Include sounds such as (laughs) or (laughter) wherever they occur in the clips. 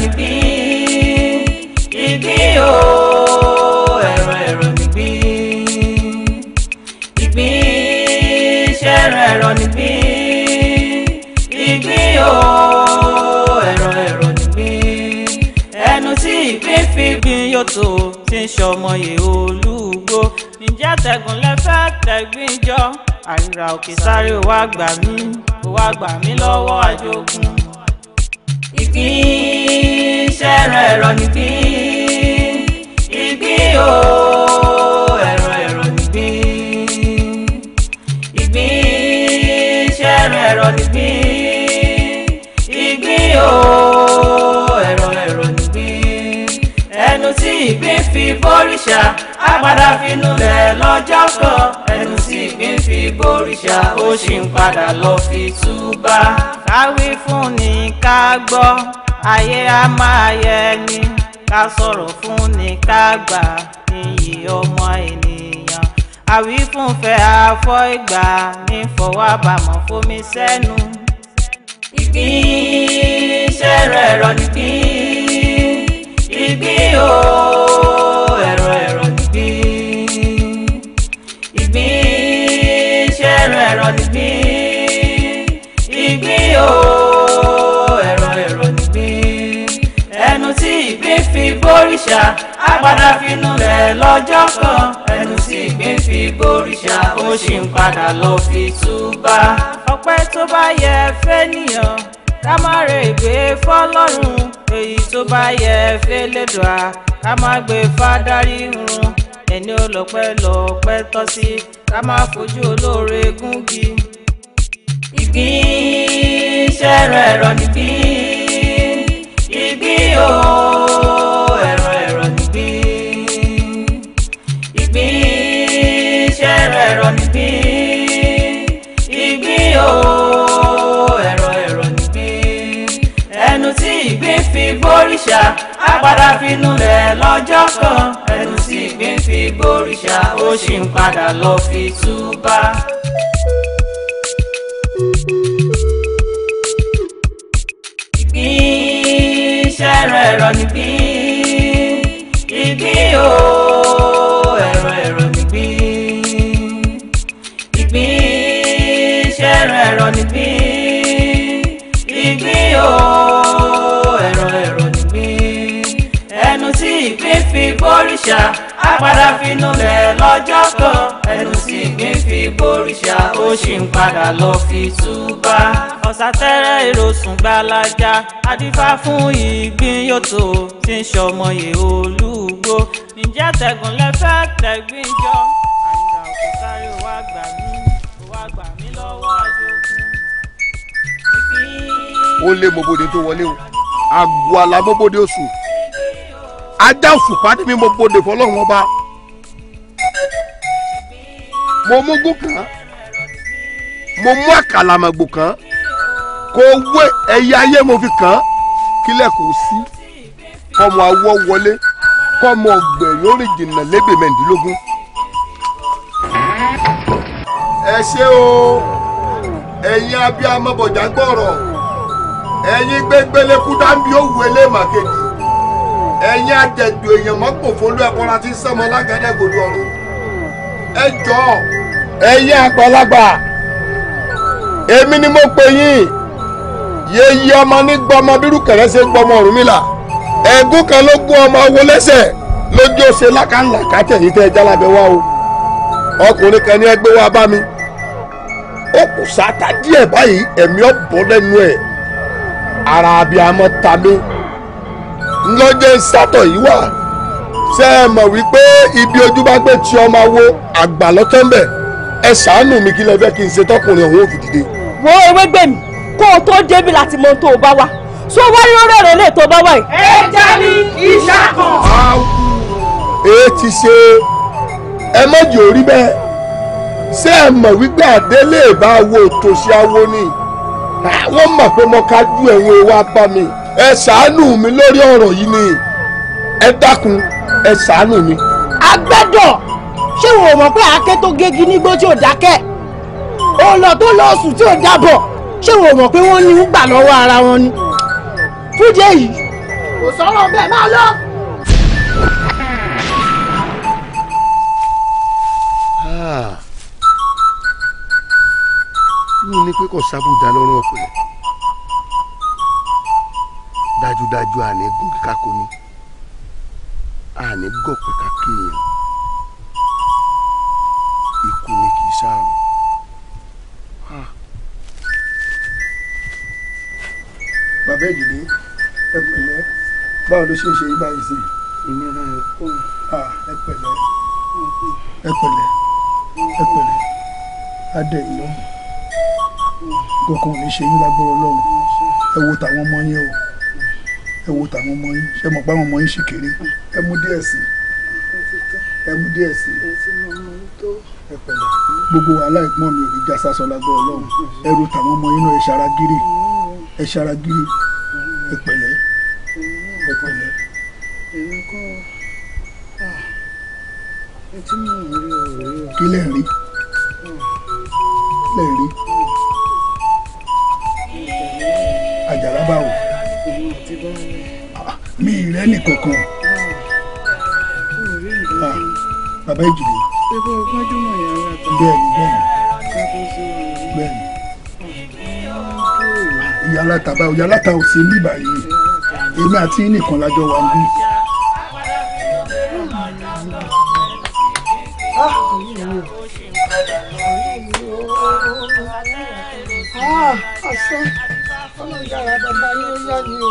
níbí ìgbín o ẹ̀rọ ẹ̀rọ níbí ìgbín ṣẹ̀rọ ẹ̀rọ níbí ìgbín o ẹ̀rọ ẹ̀rọ níbí ẹnu tí ìgbín fi gbin yòtò ti ń ṣọmọye olúgbó ǹjẹ́ àtẹ̀gùn lẹ́fẹ́ tẹ̀gbìn jọ àríra òkè sáré ò wá gbà mí ò wá gbà mí lọ́wọ́ àjogún kí ṣẹ́rọ ẹ̀rọ ní kí ìgbín o ẹ̀rọ ẹ̀rọ ní kí ìgbín ṣẹ́rọ ẹ̀rọ ní kí ìgbín o ẹ̀rọ ẹ̀rọ ní kí ẹnu tí ìgbín fi bóríṣà á padà finú lẹ̀ lọ́jọ́ kan bóríṣà ó sì ń padà lọ fi túbà. káwí fún ni ká gbọ́ ayé á máa yẹ ni ká sọ̀rọ̀ fún ni ká gbà níyì ọmọ ènìyàn. àwífún fẹ́ afọ́ ìgbà ní fọwọ́bàmọ̀ fomi sẹ́nu. ìgbín sẹ́rọ̀ ẹ̀rọ nìgbín ìgbín ooo. ọjọ́ kan ẹnu sì gbé fi bóríṣà ó sì ń padà lọ fi túbà. ọpẹ́ tó bá yẹ fẹ́nìyàn ká má rè gbé fọlọ́run èyí tó bá yẹ fẹ́lẹ́dùá ká má gbé fádárí run ẹni olọ́pẹ́ lọ́pẹ́ tọ́ sí ká má fojú olóore gúngi. ìgbín ṣẹ̀rọ ẹ̀rọ nìgbín ìgbín ooo. gbóríṣà á padà finúlẹ̀ lọ́jọ́ kan ẹnu sì gbìn fi gbóríṣà ó sì ń padà lọ fi túbà. ìgbín ṣẹ́rọ ẹ̀rọ nìgbín ìgbín o. bóríṣà á padà finúlẹ̀ lọ́jọ́ kan ẹnu sì gbé fi bóríṣà ó sì ń padà lọ fi túbà. ọ̀sátẹ́rẹ́ ìrosùn gbalaja adífá fún ìgbín yóò tó ti ń ṣọmọye olúgbó ǹjẹ́ tẹ̀gùn lẹ́fẹ́ tẹ̀gbìn jọ ó lé mọ́bòde tó wọlé o àgọ́ àlàmọ́bòde oṣù ajá òṣùpá ni mi mo bòde fọlọ́run ọba mo mógún kan mo mú àkàlàmọ̀gbò kan kò wé ẹyẹ ayé mo fi kàn án kílẹ̀ kò sí kọ́mọ awọ́ wọlé kọ́mọ ọgbẹ̀ lórí jìnnà lébè mẹ́ndínlógún. ẹ ṣé o ẹ̀yin abiyamọ bọ̀jà gbọ́rọ̀ ẹ̀yin gbẹgbẹlẹ́kú dáńbí ó wù ẹ̀yin àjẹjù èèyàn mọ́pòfolú ẹ̀kọ́ra ti sẹ́mọ lágẹ́dẹ́gòdò ọ̀run ẹ jọ ẹ̀yin àgbàlagbà èmi ni mo pe yín yéyí ọmọ ní gbọmọ bírú gbọmọ Ọ̀rúnmìlà ẹ̀gún kan ló gún ọmọ owó lójú o ọkùnrin kan ní wa bá mi ó kù báyìí ara lọ́jọ́ sátọ̀ yìí wà ṣe é mọ̀ wípé ibi ojú bá gbé tí ọmọ wo àgbà lọ́tọ́ ń ẹ ṣàánú mi kí lẹ fẹ́ kí n ṣe tọkùnrin ọ̀hún òfin dìde. wo ewé gbèmí kó o tó débi láti mọ ohun tó o bá wa so wá ní ọ̀rẹ́ rẹ lè tó o bá wa yìí. ẹ já ní ìṣà kan. ẹ e ti ṣe ẹ mọ̀jì orí bẹ́ẹ̀ ṣé ẹ mọ̀ wípé àdélé bá wo tòṣì awo ni wọ́n mọ̀ pé mo kájú ẹ̀wọ̀n ewa bá mi ẹ ṣàánú mi lórí ọ̀rọ̀ yìí ni ẹ dákun ẹ ṣàánú mi. agbẹ́dọ̀ ṣé wò mọ̀ pé àáké tó gégi nígbó tí ò dákẹ́ òòlọ̀ tó lọ sùn tí ò dábọ̀ ṣé wò mọ̀ pé wọ́n ní ń gbà lọ́wọ́ ara wọn ni fúdìí èyí kò sọ̀rọ̀ bẹ́ẹ̀ máa lọ. Ah. ní ní pé kò sábùdá lọ́rùn ọ̀pẹ̀lẹ̀ dájúdájú ànígùn kíkákó ni ànígọ̀pẹ̀ kákéèyàn ikú ni kì í sáàrùn. Ah. bàbá ìdílé ẹ pẹ̀lẹ́ báwo ló ṣe ń ṣe yín báyìí sí. ìnira ẹ kó. Ah, ẹ pẹ̀lẹ́ ẹ pẹ̀lẹ́ ẹ pẹ̀lẹ́ adé ìlú kankan ò ní ṣe yín lágbára Ọlọ́run ẹ wo tàwọn ọmọ yẹn o ẹ wo tàwọn ọmọ yín ẹ mọ̀ pé àwọn ọmọ yín ṣì kéré ẹ mú díẹ̀ sí ẹ mú díẹ̀ sí ẹ pẹ̀lẹ́ gbogbo wàhálà ìpọ́n mi ò ní já sásán lágbára ọlọ́run ẹ ro tàwọn ọmọ yín náà ẹ ṣara gírí ẹ ṣara gírí ẹ pẹ̀lẹ́ ẹ pẹ̀lẹ́. èmi kọ́ ẹ kí lẹ́ẹ̀rí lẹ́ẹ̀rí. rẹ́nì kankan. Ah, bàbá ìjìnlẹ̀. epo gbajúmọ̀ yàrá rẹ̀. bẹ́ẹ̀ni ìyá aláta báwo ìyá aláta ò sí níbà yìí èmi àti yín nìkan lájọ wà ń bí. Ah, ọ̀sán, ọlọ́run yára bàbá yín ó yá ni o.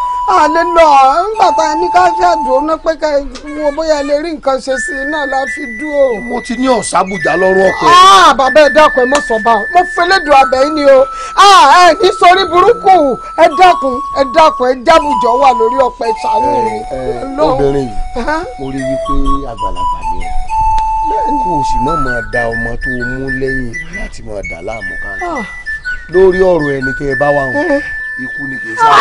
àlè lọ ńgbà tá a ní ká ṣàdùn ná pé ká wo bóyá lè rí nǹkan ṣe sí náà la fi dúró. mo ti ní ọ̀sábùjá lọ́rùn ọkọ ẹ̀. Ah, bàbá ẹ dákun ẹ mọ̀ o ah, ní sọrí burúkú ẹ wà lórí eh, eh, obìnrin yìí mo pé àgbàlagbà ni ẹ kó o sì má máa da ọmọ ikú ni kìí sáà.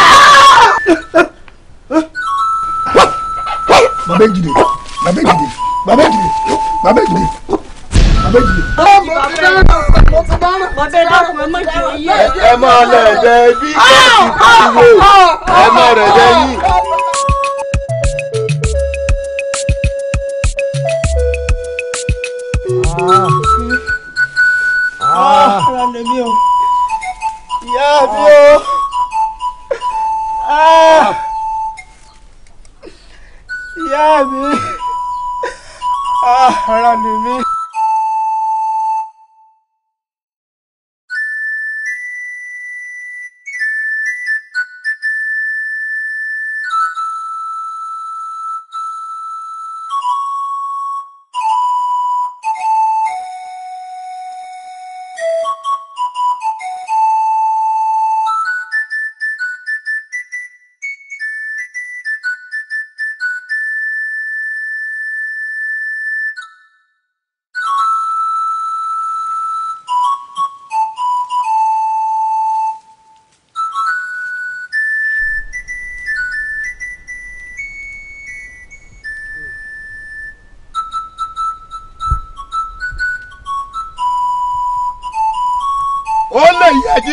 bàbá èjìdè bàbá èjìdè bàbá èjìdè bàbá èjìdè bàbá èjìdè. ẹ máa lẹ̀ jẹ́ bí kẹ́ẹ̀sì kúrò ẹ máa rẹ̀ jẹ́ yìí. Ah, ah, ah, ah, ah, ah, ah, ah, ah, ah, ah, ah, mi ah, ara lè mi.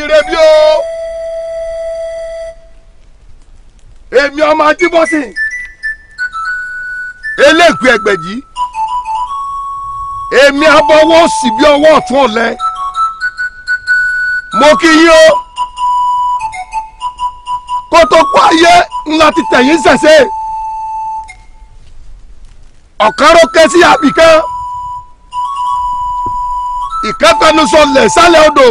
rẹ bí o èmi ọmọ adébọ́sìn eléègbé ẹgbẹ̀jì èmi abọ́wọ́ sì bí ọwọ́ ọ̀tún ọ̀lẹ mo kí yín o kó ayé ńlá ti tẹ̀yìn ṣẹ̀ṣẹ̀ ọ̀káró ké sí àbíkán ìkẹ́fẹ́nusọ lẹ̀ sálẹ̀ odò.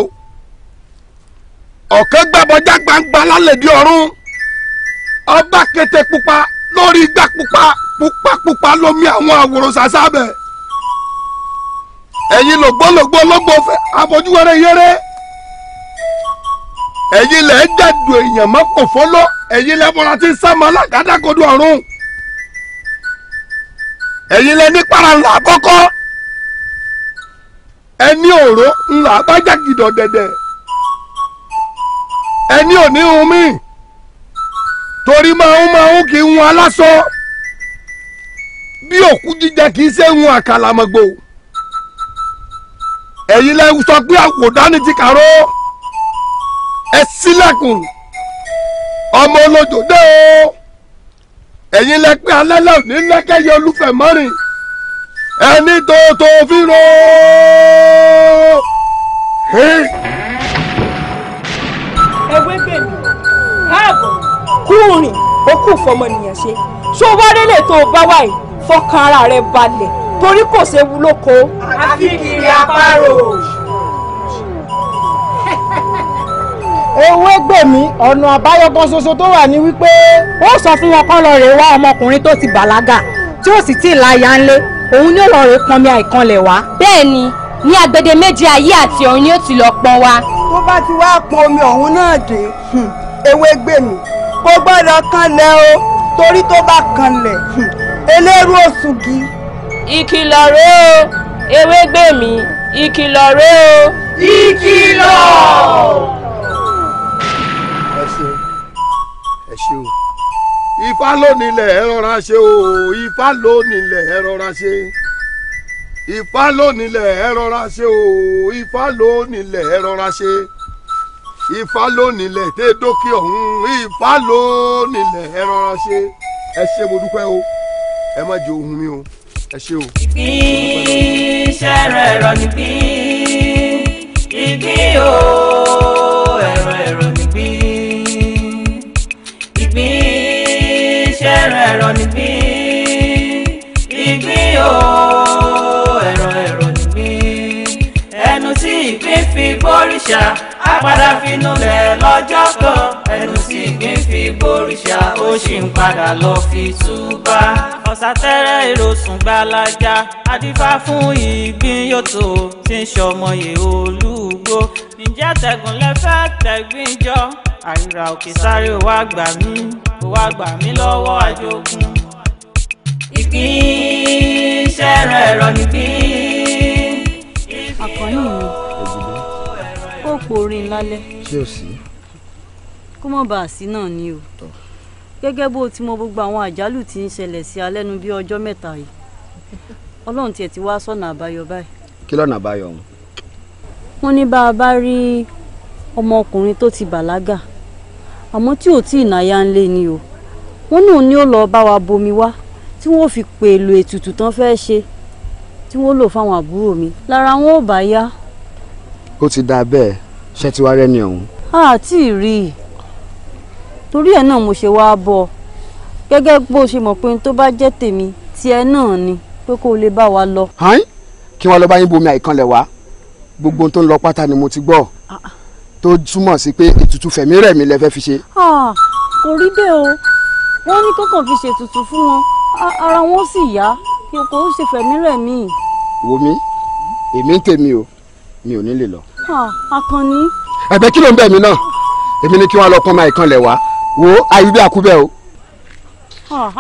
ọ̀kẹ́ gbàbọjá gbangba lálẹ́dí ọ̀run ọba kété pupa lórí igbá pupa pupa pupa lomi àwọn àwòrán sàṣàbẹ̀ ẹ̀yin lògbólògbó lógbó fẹ́ abojúwẹ́rẹ́ yẹrẹ́ ẹ̀yin lẹ̀ ń èèyàn fọ́lọ́ ẹ̀yin bọ́ra ti ń sama ọ̀run ẹ̀yin lẹ̀ ní ńlá àkọ́kọ́ ẹni òró ńlá ẹni ò ní hun mí torí máa ń máa ń kí n hun aláṣọ bí òkú jíjẹ kì í ṣe hun àkàlàmọ̀gbò ẹ̀yin lẹ sọ pé àwòdání ti kàró ẹ ṣílẹ̀kùn ọmọ olójó o pé ewébẹ̀ mi káàbọ̀ kúrin ó kù fọmọnìyàn ṣe ṣó wá rélé tó bá wà yìí fọkàn ara rẹ balẹ̀ torí kò séwu lóko. àfi kiri àparò. ewégbèmí ọ̀nà àbáyọ kan ṣoṣo tó wà ní wípé. ó sọ fún wọn kọ́ lọ rè wá ọmọkùnrin tó ti bàlágà tí ó sì tí ì láya òun ni ó lọ rè pọnmi àìkanlẹ̀ wá. bẹ́ẹ̀ ni ní agbede méjì ayé àti ọ̀run ni ó ti lọ pọn wa bó bá ti wá pọn omi ọ̀hún náà dé hmm, ewé gbèmí kò gbọ́dọ̀ kanlẹ̀ o torí tó bá kanlẹ̀ hmm, eléru òṣùgì. ìkìlọ̀ rèé o ewé gbèmí ìkìlọ̀ rèé o. ìkìlọ̀. ẹ ṣe ẹ ṣe ifá lónìí lẹ̀ ẹ rọra ṣe o ifá lónìí lẹ̀ ẹ rọra ṣe. Ifá ló nílẹ̀ ẹ rọra ṣe o Ifá ló nílẹ̀ ṣe Ifá ló nílẹ̀ dókè ọ̀hún Ifá ló nílẹ̀ ṣe ẹ ṣe mo dúpẹ́ o ẹ má jẹ ohun mi o ẹ ṣe o. ìpín ṣẹ́rọ ẹ̀rọ nìpín ìpín o ẹ̀rọ ẹ̀rọ nìpín ìpín ṣẹ́rọ ẹ̀rọ nìpín. òrìṣà apádà finú lẹ̀ lọ́jọ́ kan ẹnu sì gbìn fi bòrìṣà ó sì ń padà lọ fi túbà. ọ̀sátẹ́rẹ́ ìrosùn gbalaja adífá fún ìgbín yòtò tí ń ṣọmọye olúgbó ǹjẹ́ tẹ̀gùn lẹ́fẹ́ tẹ̀gbìn jọ àríra òkè sáré ò wá gbà mí ò wá gbà mí lọ́wọ́ àjogún. ìpín ṣẹ́ran ẹ̀rọ nìpín. àkọ́yìn mi kó orin lálẹ́. ṣé o sí. kó má bàa sí náà ni o gẹ́gẹ́ bó ti mọ gbogbo àwọn àjálù tí ń ṣẹlẹ̀ sí alẹ́ nu bí ọjọ́ mẹ́ta yìí ọlọ́run tiẹ̀ ti wá sọ̀nà àbáyọ báyìí. kí lọ́nà àbáyọ ọ̀hún. wọ́n ní bá a bá rí ọmọkùnrin tó ti bàlágà àmọ́ tí ò tí ì náyà ń lé ni o wọ́n náà ní ó lọ bá wa bomi wá tí wọ́n fi pèlò ètùtù tán fẹ́ ṣe tí wọ́n lò fáwọn àbúrò mi lára wọn ò bá yá. ó ti dáa bẹ́ẹ̀ ṣé ti wá rẹ́ni ọ̀hún. a ti rí i torí ẹ̀ náà mo ṣe wáá bọ̀ gẹ́gẹ́ bó ṣe mọ̀ pé tó bá jẹ́ tèmi tiẹ̀ náà ni pé kó o lè bá wa lọ. hàn kí wọn lọ bá yín bomi àìkanlẹ̀ wá gbogbo ohun tó ń lọ pátá ni mo ti gbọ́ ah. tó túmọ̀ sí pé ètùtù fẹ̀mí rẹ̀ mi lẹ fẹ́ fi ṣe. Ah, kò rí bẹ́ẹ̀ o wọ́n ní kọ́kàn fi ṣètùtù fún wọn ara wọn sì yá kí o kò ṣe fẹ̀mí rẹ̀ mi. wo mi èmi ń tèmi o mi ò ní lè lọ akànni. ẹ̀bẹ̀ kí ló ń bẹ̀ mí náà èmi ni kí wọ́n lọ pọ́n máa ìkànlẹ̀ wá wo ayé bí àkúbẹ̀ o.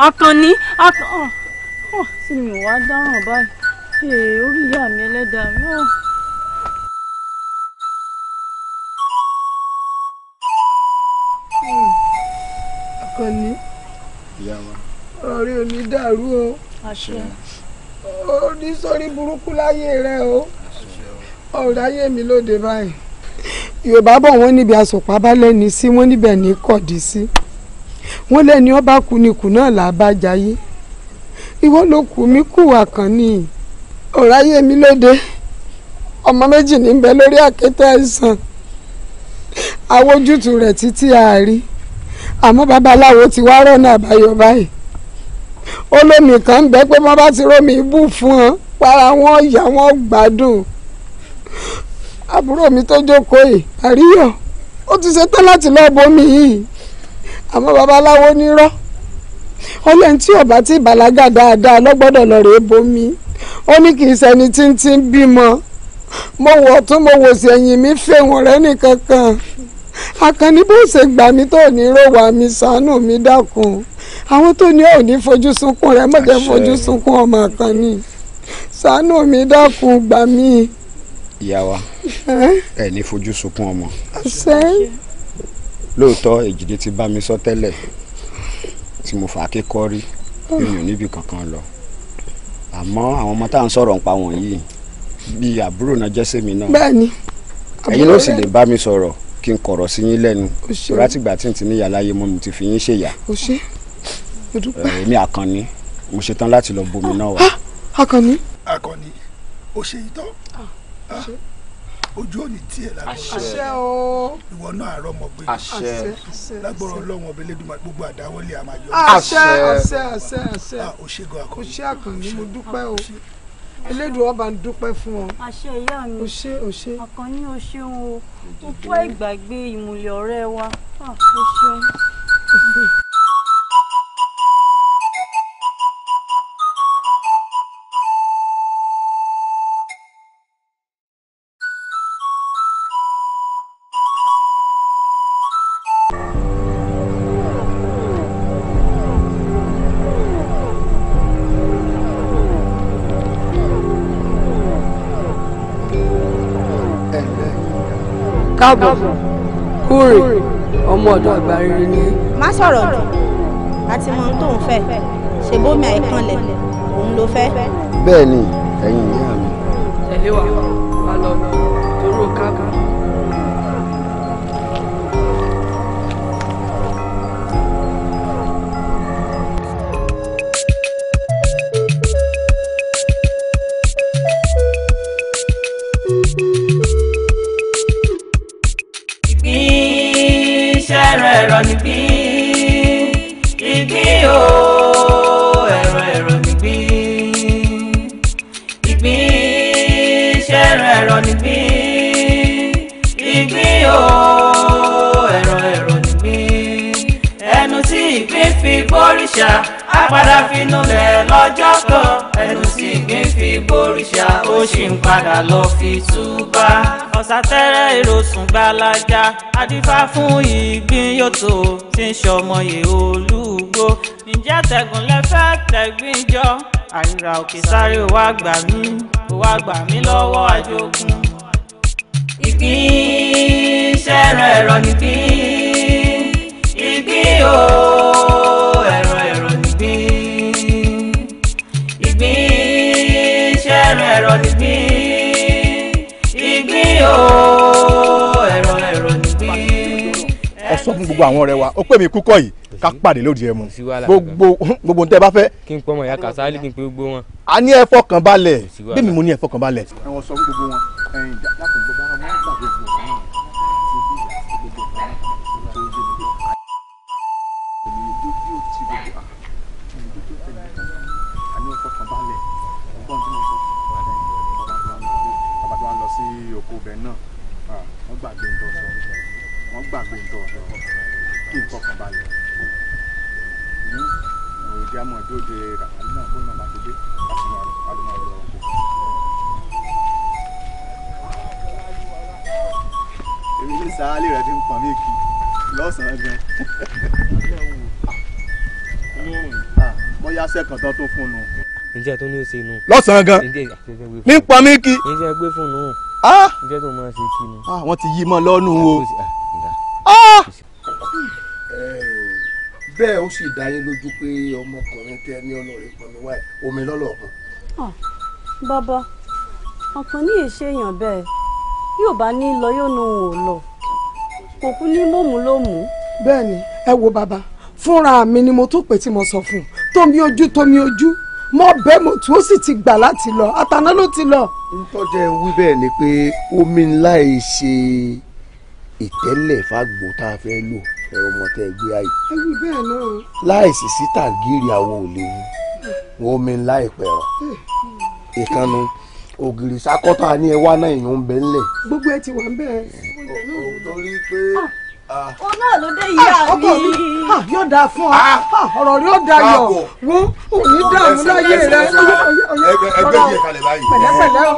akànni akànni tí mi ò wá dáràn báyìí orí ìyá mi ẹlẹ́dàá mi ò. akànni ọ̀rẹ́ ò ní dàrú o. àṣẹ. ó ní sórí burúkú láyé rẹ o ọ̀rọ̀ ayé mi lóde báyìí yorùbá bọ̀ wọ́n níbi asọ̀pá bá lẹ́ni sí wọ́n níbẹ̀ ní kọ̀dí sí wọ́n lẹ́ni ọba kú ni kù náà là bá jayé ìwọ ló kù mí kù wà kàn ní ọ̀rọ̀ ayé mi lóde ọmọ méjì ní bẹ lórí àkéte àìsàn àwojútu rẹ̀ títí àárí àmọ́ babaláwo ti wá rọ́nà àbáyọ báyìí olómi kan bẹ pé wọ́n bá ti rómi ibú fún ọ para wọn yà wọ́n gbádùn àbúrò mi tó jókòó yìí àríyọ̀ ó ti ṣetán láti lọ́ọ́ bomi yìí àmọ́ babaláwo nírọ́ ọlẹ́ni tí ọba tí ìbàlágà dáadáa lọ́gbọ́dọ̀ lọ rèé bomi ó ní kì í ṣẹni tí bímọ mo wọ̀ tún mo wò sí ẹ̀yìn mi fẹ́ wọn rẹ́ nìkankan akànnì bó ṣe gbà mí tó ní ròwà mi ṣàánú mi dákun àwọn tó ní òní fojú sunkún rẹ mọ̀jẹ̀ fojú sunkún ọmọ àkànnì ṣàánú mi dákun gbà mí ìyá wa ẹ ní fojú sunkún ọmọ lóòótọ́ èjìdé ti bá mi sọ tẹ́lẹ̀ tí mo fà á kékọ́ rí mi ò níbi kankan lọ àmọ́ àwọn ọmọ tá à ń sọ̀rọ̀ ń pa wọ̀nyí bíi àbúrò náà jẹ́ sẹ́mi náà bẹ́ẹ̀ni ẹ̀yin ló sì lè bá mi sọ̀rọ̀ kí n kọ̀rọ̀ sí yín lẹ́nu látìgbà tí n ti níyà láyé mọ́ mi ti fi yín ṣèyà èmi àkànní mo ṣetán láti lọ bomi náà wá. Ah! àkànní àkànní ó ṣe ìtọ́ ojú òní tiẹ̀ lágbára ìwọ náà àárọ̀ mọ̀ pé lágbára ọlọ́run ọbẹ̀ lẹ́dùnmá gbogbo àdáwọlé àmàjọ. àṣẹ àṣẹ àṣẹ àṣẹ òṣègùn àkànní òṣè àkànní mo dúpẹ́ o elédùn ọba ń dúpẹ́ fún ọ. àṣẹ ìyá mi òṣè òṣè. àkànní o ṣeun o mo kó ìgbàgbé ìmùlẹ̀ ọ̀rẹ́ wa ah, o ṣeun. káàbọ̀ kúrè ọmọ ọ̀dọ̀ àgbà rere ni. má sọ̀rọ̀ jù àti mọ ohun tó ń fẹ́ ṣe bómi àìkànlẹ̀ òun ló fẹ́. bẹ́ẹ̀ ni ìyá mi. tẹ̀lé ṣẹ́ran ẹ̀rọ níbí ìgbín o ẹ̀rọ ẹ̀rọ níbí ẹnu tí ìgbín fi bóríṣà á padà finúlẹ̀ lọ́jọ́ kan ẹnu tí ìgbín fi bóríṣà ó sì ń padà lọ fi túbà. ọ̀sà tẹ́rẹ́ ìrosùn gbalaja adífá fún ìgbín yóò tó ti ń ṣọmọye olúgbó ǹjẹ́ tẹ̀gùn lẹ́fẹ̀ẹ́ tẹ̀gbìn jọ àríra òkè sáré wá gbà mí wá gbà mí lọ́wọ́ àjogún. ìgbín ṣẹ́ran ẹ̀rọ nìgbín ìgbín o ẹ̀rọ ẹ̀rọ nìgbín ìgbín ṣẹ́ran ẹ̀rọ nìgbín ìgbín o. gbogbo àwọn ọ̀rẹ́ wa ó pè mí kúkọ yìí ká pàdé lóde ẹ gbogbo gbogbo n tẹ bá fẹ́. kí n pọmọ ìyá kàsálí kí n pe gbogbo wọn. a ní ẹ fọkàn balẹ̀ bí mi mo ní ẹ fọkàn balẹ̀. ẹ sọ gbogbo wọn ẹyin jákòó gbogbo ara wọn gbàgbé gbogbo ọkàn náà. sí oko ibẹ̀ náà wọ́n gbàgbé nǹkan sọ wọ́n gbàgbé nǹkan sọ kí n fọkàn balẹ̀ ní òòjà mọ̀ tó de ràbàlì náà kó náà bá ti dé láti máa adúmọ̀ lọ oko. èmi ní sàálì rẹ ti ń pọn mí kì lọ́sàn-án gan. bóyá ah, sẹ́kàn tán tó fún un. ǹjẹ́ tó ní ó ṣe lọ́sàn-án gan ní pọn mí kì. ǹjẹ́ gbé fún un nù. Ah! ǹjẹ́ tó máa ṣe kí ni. Ah, wọ́n ti yí mọ́ lọ́nù o bẹ́ẹ̀ ó sì dá yín lójú pé ọmọkùnrin tẹ ní ọlọ́rin pọ̀ ní wáyé omi lọ́lọ́kùn. Ah, bàbá ọkàn ní èṣe èèyàn bẹ́ẹ̀ yóò bá ní lọ yóò nu òun lọ kò kú ní mòmù ló mú. bẹ́ẹ̀ ni ẹ wo bàbá fúnra mi ni mo tún pè tí mo sọ fún un tómi ojú tómi ojú mo bẹ́ẹ̀ mo tún ó sì ti gbà láti lọ àtàná ló ti lọ. ń tọ́jà ẹ wí bẹ́ẹ̀ ni pé omi ńlá ẹ̀ ṣe ìtẹ́lẹ̀ fàgbò tá a fẹ́ lò ẹ̀rọ mọ̀tẹ́ ẹgbẹ́ ayé. ẹyin bẹ́ẹ̀ náà. láìsí sí tàgírí àwọn ò lè yí wọn mi láìpẹ́ rọ. ìkànnì ògiri sakọ́tà ni ẹ náà ìyún ń bẹ ńlẹ̀. gbogbo ẹ ti wà ń bẹ. torí pé. o náà ló dé ìyá mi. ọkọ mi yóò dáa fún ọ ọ̀rọ̀ rẹ yóò dáa yọ wọn ò ní dààmú láyé rẹ. ẹgbẹ́ ẹgbẹ́ yìí kalẹ̀ báyìí. pẹ̀lẹ́pẹ̀lẹ́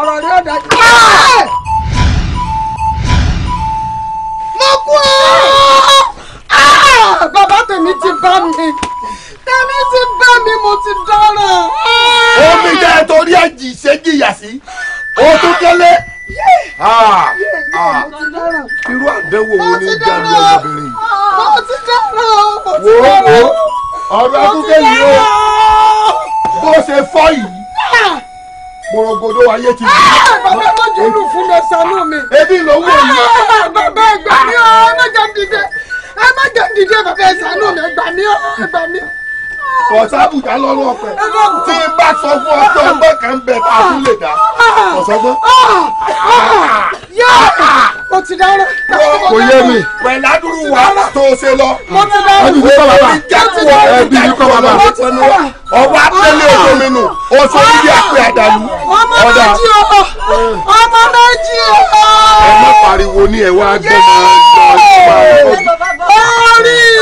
ọ̀rọ̀ rẹ yóò dáa. tèmi ti bá mi tèmi ti bá mi mo ti dáràn. omi jẹ́ torí ẹ̀jì ṣéjìyà sí o tún kélé. Ah, ah. irú àdánwò wo ni jàǹdù ọmọbìnrin yìí. mo ti dáràn mo ti dáràn. wo wo ọ̀rọ̀ akúkẹ́ yìí o bó ṣe fọ́ yìí ah. gbòrògbòdò ayé ti bí. bàbá mo jùlù fún mi ebi ló wù mí. bàbá ẹgbẹ́ mi ọ́ ẹ má jẹ́ dìde ẹ má jẹ́ dídé bàbá ẹ ṣàánú mi ẹ gbà mí o ẹ gbà mí o. kọ̀sábùjá lọ́rọ̀ ọ̀pẹ tí n bá sọ fún ọjọ́ ọgbọ́n kan bẹ tá a tún lè dá kọ̀sọ́gbọ́n. Ah, ah, ah, mo ti dára. kò yé mi. pẹ̀lú adúrú wàhálà tó ṣe lọ. mo ti dára. ẹbí mi kọ́ bàbá ẹbí mi kọ́ bàbá. ọwọ́ abẹ́lé ojú mi nù oṣù yìí àpè àdàlù. ọmọ méjì o ọmọ méjì o. ẹ má pariwo ní ẹ wá gbọ́dọ̀ gbọ́dọ̀.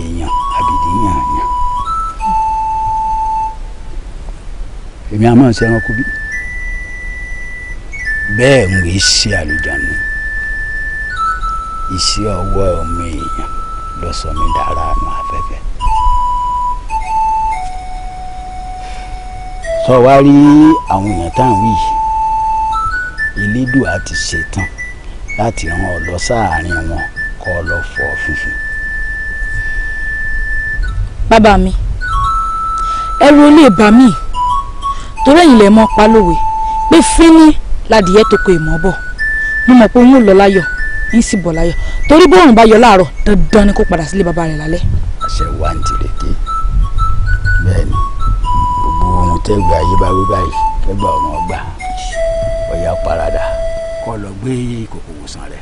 èèyàn àbìdí yànyàn èmi àmọ́ ṣe ẹranko bí bẹ́ẹ̀ ń wèé ṣe àlùjánu iṣẹ́ ọwọ́ ọmọ èèyàn lọ́sọ̀ mi dára àmọ́ afẹ́fẹ́ sọ wá rí àwọn èèyàn tá à ń wí Elédùà ti ṣetán láti ràn ọ́ lọ sáàárín wọn kọ́ ọ lọ fọ̀ funfun bàbá mi ẹrù olè bá mi torí ẹ̀yin lẹ mọ́ pa lówe pé fínní ládìyẹ tó kọ èèmọ̀ bọ̀ mo mọ̀ pé òun ò lọ láyọ̀ ń sì bọ̀ láyọ̀ torí bóun bá yọ láàárọ̀ dandan ni kó padà sílé bàbá rẹ̀ lálẹ́. àṣẹ wa ń tilẹ̀ ké bẹ́ẹ̀ ni gbogbo ohun tẹ́gbà ayé bá wí báyìí kẹgbà ọ̀ràn ọgbà ọ̀yà parada kọ́ lọ gbé kòkòrò sàn rẹ̀.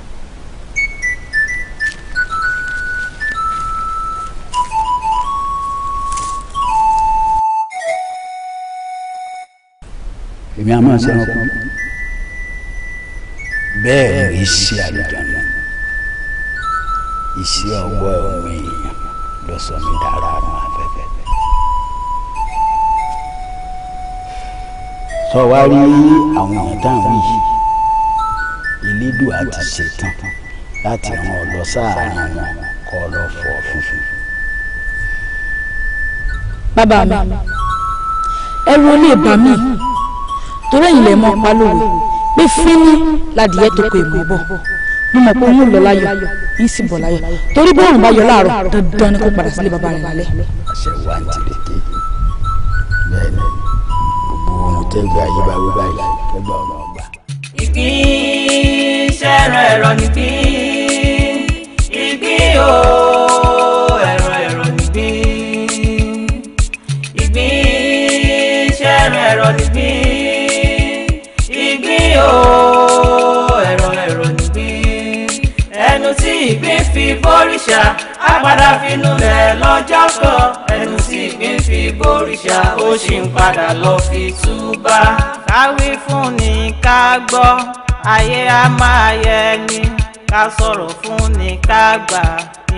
èmi a máa sẹ́wọ̀n kú bẹ́ẹ̀ mo ṣe àlùjáde iṣẹ́ ọwọ́ ọmọ èèyàn lọ́sọ̀ mi dára àrùn afẹ́fẹ́. sọ wá rí àwọn èèyàn táwọn yìí Elédùà ti ṣetán láti ràn ọ lọ sáàárín wọn kọ́ ọ lọ fọ funfun. bàbá mi ẹrù olè bá torí ẹ̀yin lẹ̀ mọ́ pa lówe pé fínní ládìyẹ tó kọ èèmọ̀ bọ̀ mo mọ̀ pé òun lọ láyọ̀ yín sì bọ̀ láyọ̀ torí bóun bá yọ láàárọ̀ dandan ni kò padà sílé bàbá rẹ̀ lálẹ́. àṣẹ wa ń tilẹ̀ ké bẹ́ẹ̀ gbogbo ohun tẹ́gbẹ́ ayé bá wí báyìí tẹ́gbẹ́ ọ̀nà ọ̀gbà. ìpín sẹ́rọ̀ ẹ̀rọ ni pín ìpín ooo. o ẹ̀rọ ẹ̀rọ nìgbín ẹnu tí ìgbín fi bóríṣà agbada finú lẹ̀ lọ́jọ́ kan ẹnu tí ìgbín fi bóríṣà ó sì ń padà lọ fi túbà. káwí fún ni ká gbọ́ ayé á máa yẹ ni ká sọ̀rọ̀ fún ni ká gbà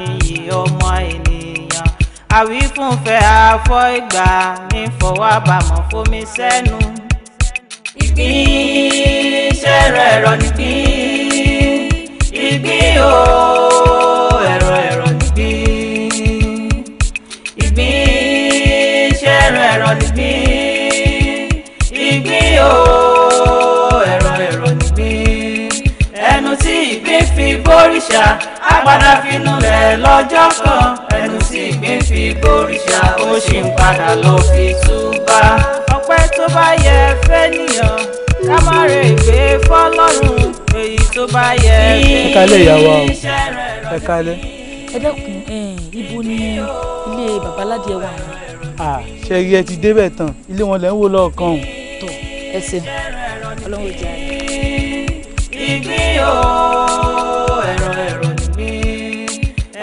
iyì ọmọ ènìyàn àwífúnfẹ́ afọ́ ìgbà ní fọwọ́ àbàmọ̀ fomi sẹ́nu. ìgbín ẹ̀rọ ẹ̀rọ nìbí ìgbín o ẹ̀rọ ẹ̀rọ nìbí ìgbín ṣe ẹ̀rọ ẹ̀rọ nìbí ìgbín o ẹ̀rọ ẹ̀rọ nìbí ẹnu tí ìgbín fi bóríṣà agbada finú rẹ̀ lọ́jọ́ kan ẹnu tí ìgbín fi bóríṣà ó ṣì ń padà lọ fi túbà ọpẹ́ tó bá yẹ fẹ́ nìyàn ká má re ìgbé fọlọ́run èyí tó bá yẹ kí iṣẹ́ rẹ̀ rọ̀ ní. ẹ dẹ́kun ibo ni ilé babaládé wà ní. ṣe rí ẹ ti débẹ̀ tán ilé wọn lẹ́ ń wò lọ́ọ̀kan o. tọ ẹsẹ ọlọ́run jẹ àyè. ìgbín o ẹ̀rọ ẹ̀rọ ni mí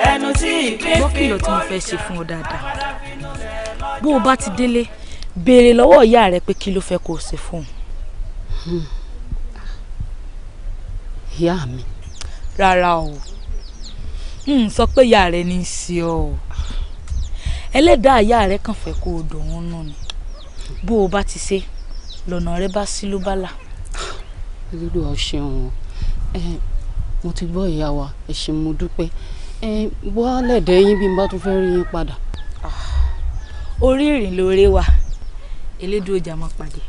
ẹnu tí ìpín fi kọ́ ìjọba. gbọ́kìlọ̀ tí mo fẹ́ ṣe fún ọ dáadáa bó o bá ti délé béèrè lọ́wọ́ ìyá rẹ pé kí ló fẹ́ kó o ṣe fún un ìyá mi rárá o n sọ pé ìyá rẹ ní í ṣe ọ o ẹlẹ́dàá ìyá rẹ kàn fẹ́ kó o dòun nù ni bó o bá ti ṣe lọ́nà rẹ bá sí ló bá là. lílo ọ̀ṣẹ̀wọ̀n mo ti gbọ́ ìyá wa ẹ mo dúpẹ́ bó a lẹ̀dẹ̀ yín bí n bá tún fẹ́ rí yín padà. Ah, orí ìrìn lóore wa elédùn ọjà máa pàdé.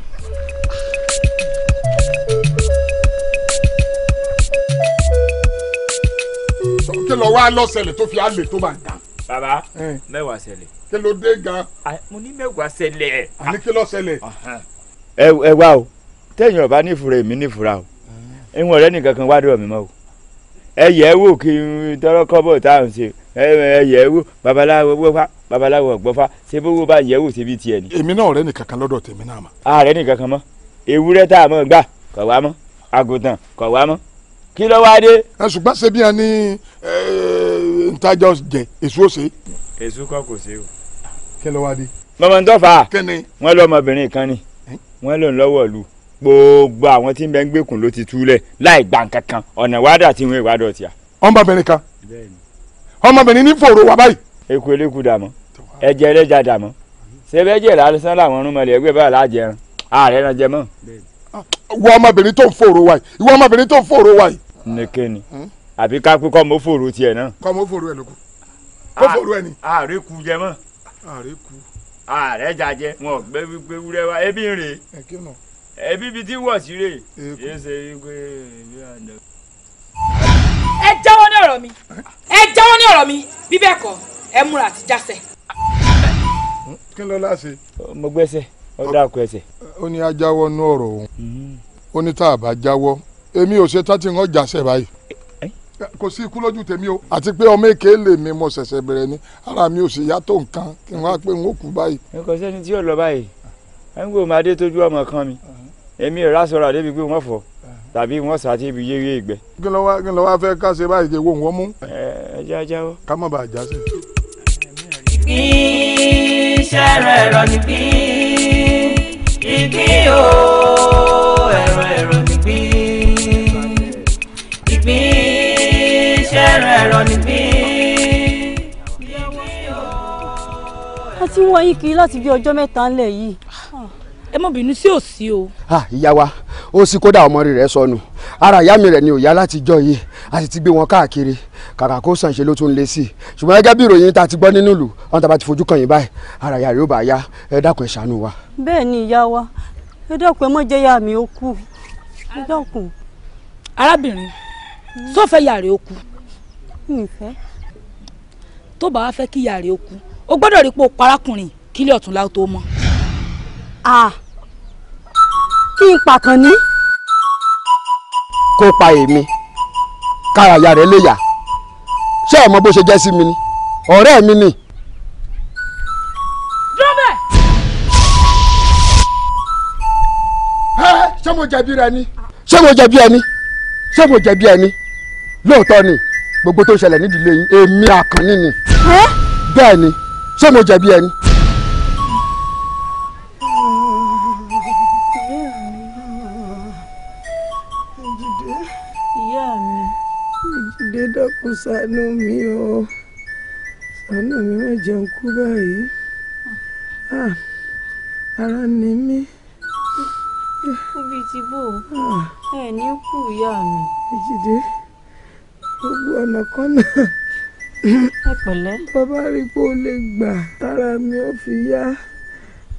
sọ kí lọ wá lọ́sẹ̀lẹ̀ tó fi àlè tó máa dà. bàbá eh. mẹ́wàá ṣẹlẹ̀. kí ló dé gan. mo ní mẹ́wàá ṣẹlẹ̀. àní kí ló ṣẹlẹ̀. ẹ wá o tẹ̀yìn ọ̀bá nífura èmi nífura o ìwọ̀n rẹ nìkan kan wá dọ̀ mí mọ́ o ẹ yẹ̀ ẹ́ wò kí n tọrọ kọ́bọ̀ tá à ń ṣe ẹ yẹ̀ ẹ́ wò babaláwo wọ́pá babaláwo ọ̀gbọ́fà ṣé bówó bá yẹ̀ wò síbi tiẹ̀ ni. èmi náà ọ̀rẹ́ nìkan kan lọ́dọ̀ tèmi náà mà. ààrẹ nìkan kan mọ́ ewúrẹ́ tá a mọ̀ gbà kọ̀ wá mọ́ àgùntàn kọ̀ wá mọ́ kí ló wá dé. ẹ ṣùgbọ́n ṣe bí wọn ní ntajà jẹ èso ṣe. èso kọ kò ṣe o. kí ló wá dé. mọ̀mọ́ ń tọ́fà wọ́n lọ ọmọbìnrin kan ni wọ́n lò ń lọ́wọ́ lu gbogbo àwọn tí ń bẹ ń gbèkùn ló ti túlẹ̀ láì gbà kankan ọ̀nà ìwádà tí wọ́n ìwádà ọ̀tí à. ọmọbìnrin kan ọmọbìnrin ní fòrò wà báyìí. eku eléku dàmọ́ ẹ̀jẹ̀ ẹlẹ́jà dàmọ́ sẹ́fẹ̀jẹ̀ lásán làwọn ọ̀run mọ̀lẹ́ ẹgbẹ́ báyìí láàjẹrun ààrẹ náà jẹ mọ́. Ah, ìwọ ọmọbìnrin tó ń fòrò wáyìí ìwọ ọmọbìnrin tó ń fòrò wáyìí nìkẹ́ ni àbí ká pé kọ́mọ fòrò tiẹ̀ náà. kọ́mọ fòrò ẹ̀ ló kù kó fòrò ẹ̀ ni. ààrẹ kù jẹ mọ́. ààrẹ kù. ààrẹ jàjẹ wọn ò gbé gbé wa ẹbí rè é ẹbí bíi tí wọ̀ sí rè é ṣe wípé ẹbí àná. ẹ jáwọ́ ní ọ̀rọ̀ mi ẹ jáwọ́ ní ọ̀rọ̀ mi bí bẹ́ẹ̀ kọ́ ẹ múra àti jásẹ̀. kí ló láṣẹ. mo gbẹ́sẹ̀ ó dákú ẹsẹ̀. ó ní ajáwọ́ nú ọ̀rọ̀ òun hmm. ó ní tá a bá jáwọ́ èmi ò ṣe tán tí wọ́n jàṣẹ báyìí eh? kò sí ikú lójú tèmi o àti pé ọmọ èké lè mi mo ṣẹ̀ṣẹ̀ bẹ̀rẹ̀ ni ara mi ò sì yá tó nǹkan kí n wá pé n ó kú báyìí. nǹkan sẹ́ni tí yóò lọ báyìí ẹ̀ń gbòòmù adé tójú ọmọ kan mi èmi ò rásọ̀rọ̀ àdébi pé wọ́n fọ̀ tàbí wọ́n sàtì ibi yéwé ìgbẹ́. kí ló wá kí ló wá fẹ́ ká ṣe báyìí ṣe wo wọ́n mú. ẹ ẹ já jáwọ́. ká má bàa já sí. ìgbín ṣẹ́rẹ̀ rọ̀ nígbín ọ̀rọ̀ ni mí. a ti ń wá yín kiri láti bí ọjọ́ mẹ́ta ńlẹ̀ yìí. ẹ má bínú sí òsì o. Ah, ìyá wa ó sì kódà ọmọ rẹ̀ sọnù ara ìyá mi rẹ̀ ni ò láti jọ yìí a sì ti gbé wọn káàkiri kàkà kó sàn ṣe ló tún lé sí i ṣùgbọ́n gẹ́gẹ́ bí ìròyìn tá a ti gbọ́ nínú ìlú wọn tàbá ti fojú kàn yín báyìí ara ìyá rẹ̀ ó bá yá ẹ dákun ẹ ṣàánú wa. bẹ́ẹ̀ ni ìyá wa ẹ dákun ẹ mọ jẹ́ ìyá mi ó kú ẹ dákun. arábìnrin sọ́fẹ́ yàrá ó kú. Hmm, ìfẹ́. tó bá wá fẹ́ kí ìyá rẹ̀ ó kú ó gbọ́dọ̀ rí pé o parákùnrin kílẹ̀ ọ̀túnla tó mọ́. kí n pàkàn ní. kó pa èmi kára ìyá rẹ̀ lè yà ṣé ẹ mọ bó ṣe jẹ́ sí mi ni ọ̀rẹ́ mi ni. ṣé mo jẹ̀bi rẹ ni ṣé mo jẹ̀bi ẹni ṣé mo jẹ̀bi ẹni lóòótọ́ ni gbogbo tó ṣẹlẹ̀ nídìílé yín èmi àkànní ni bẹ́ẹ̀ ni ṣé mo jẹ̀bi ẹni. ìdílé dákun mi o ṣàánú mi má jẹun kú báyìí ara ni mí. níbi tí bò ẹ ní kú ìyá mi. ìjìdé gbogbo ọ̀nà kan náà ẹpẹ̀lẹ́. bàbá rí i pé ó lè gbà tára mi ó fi yá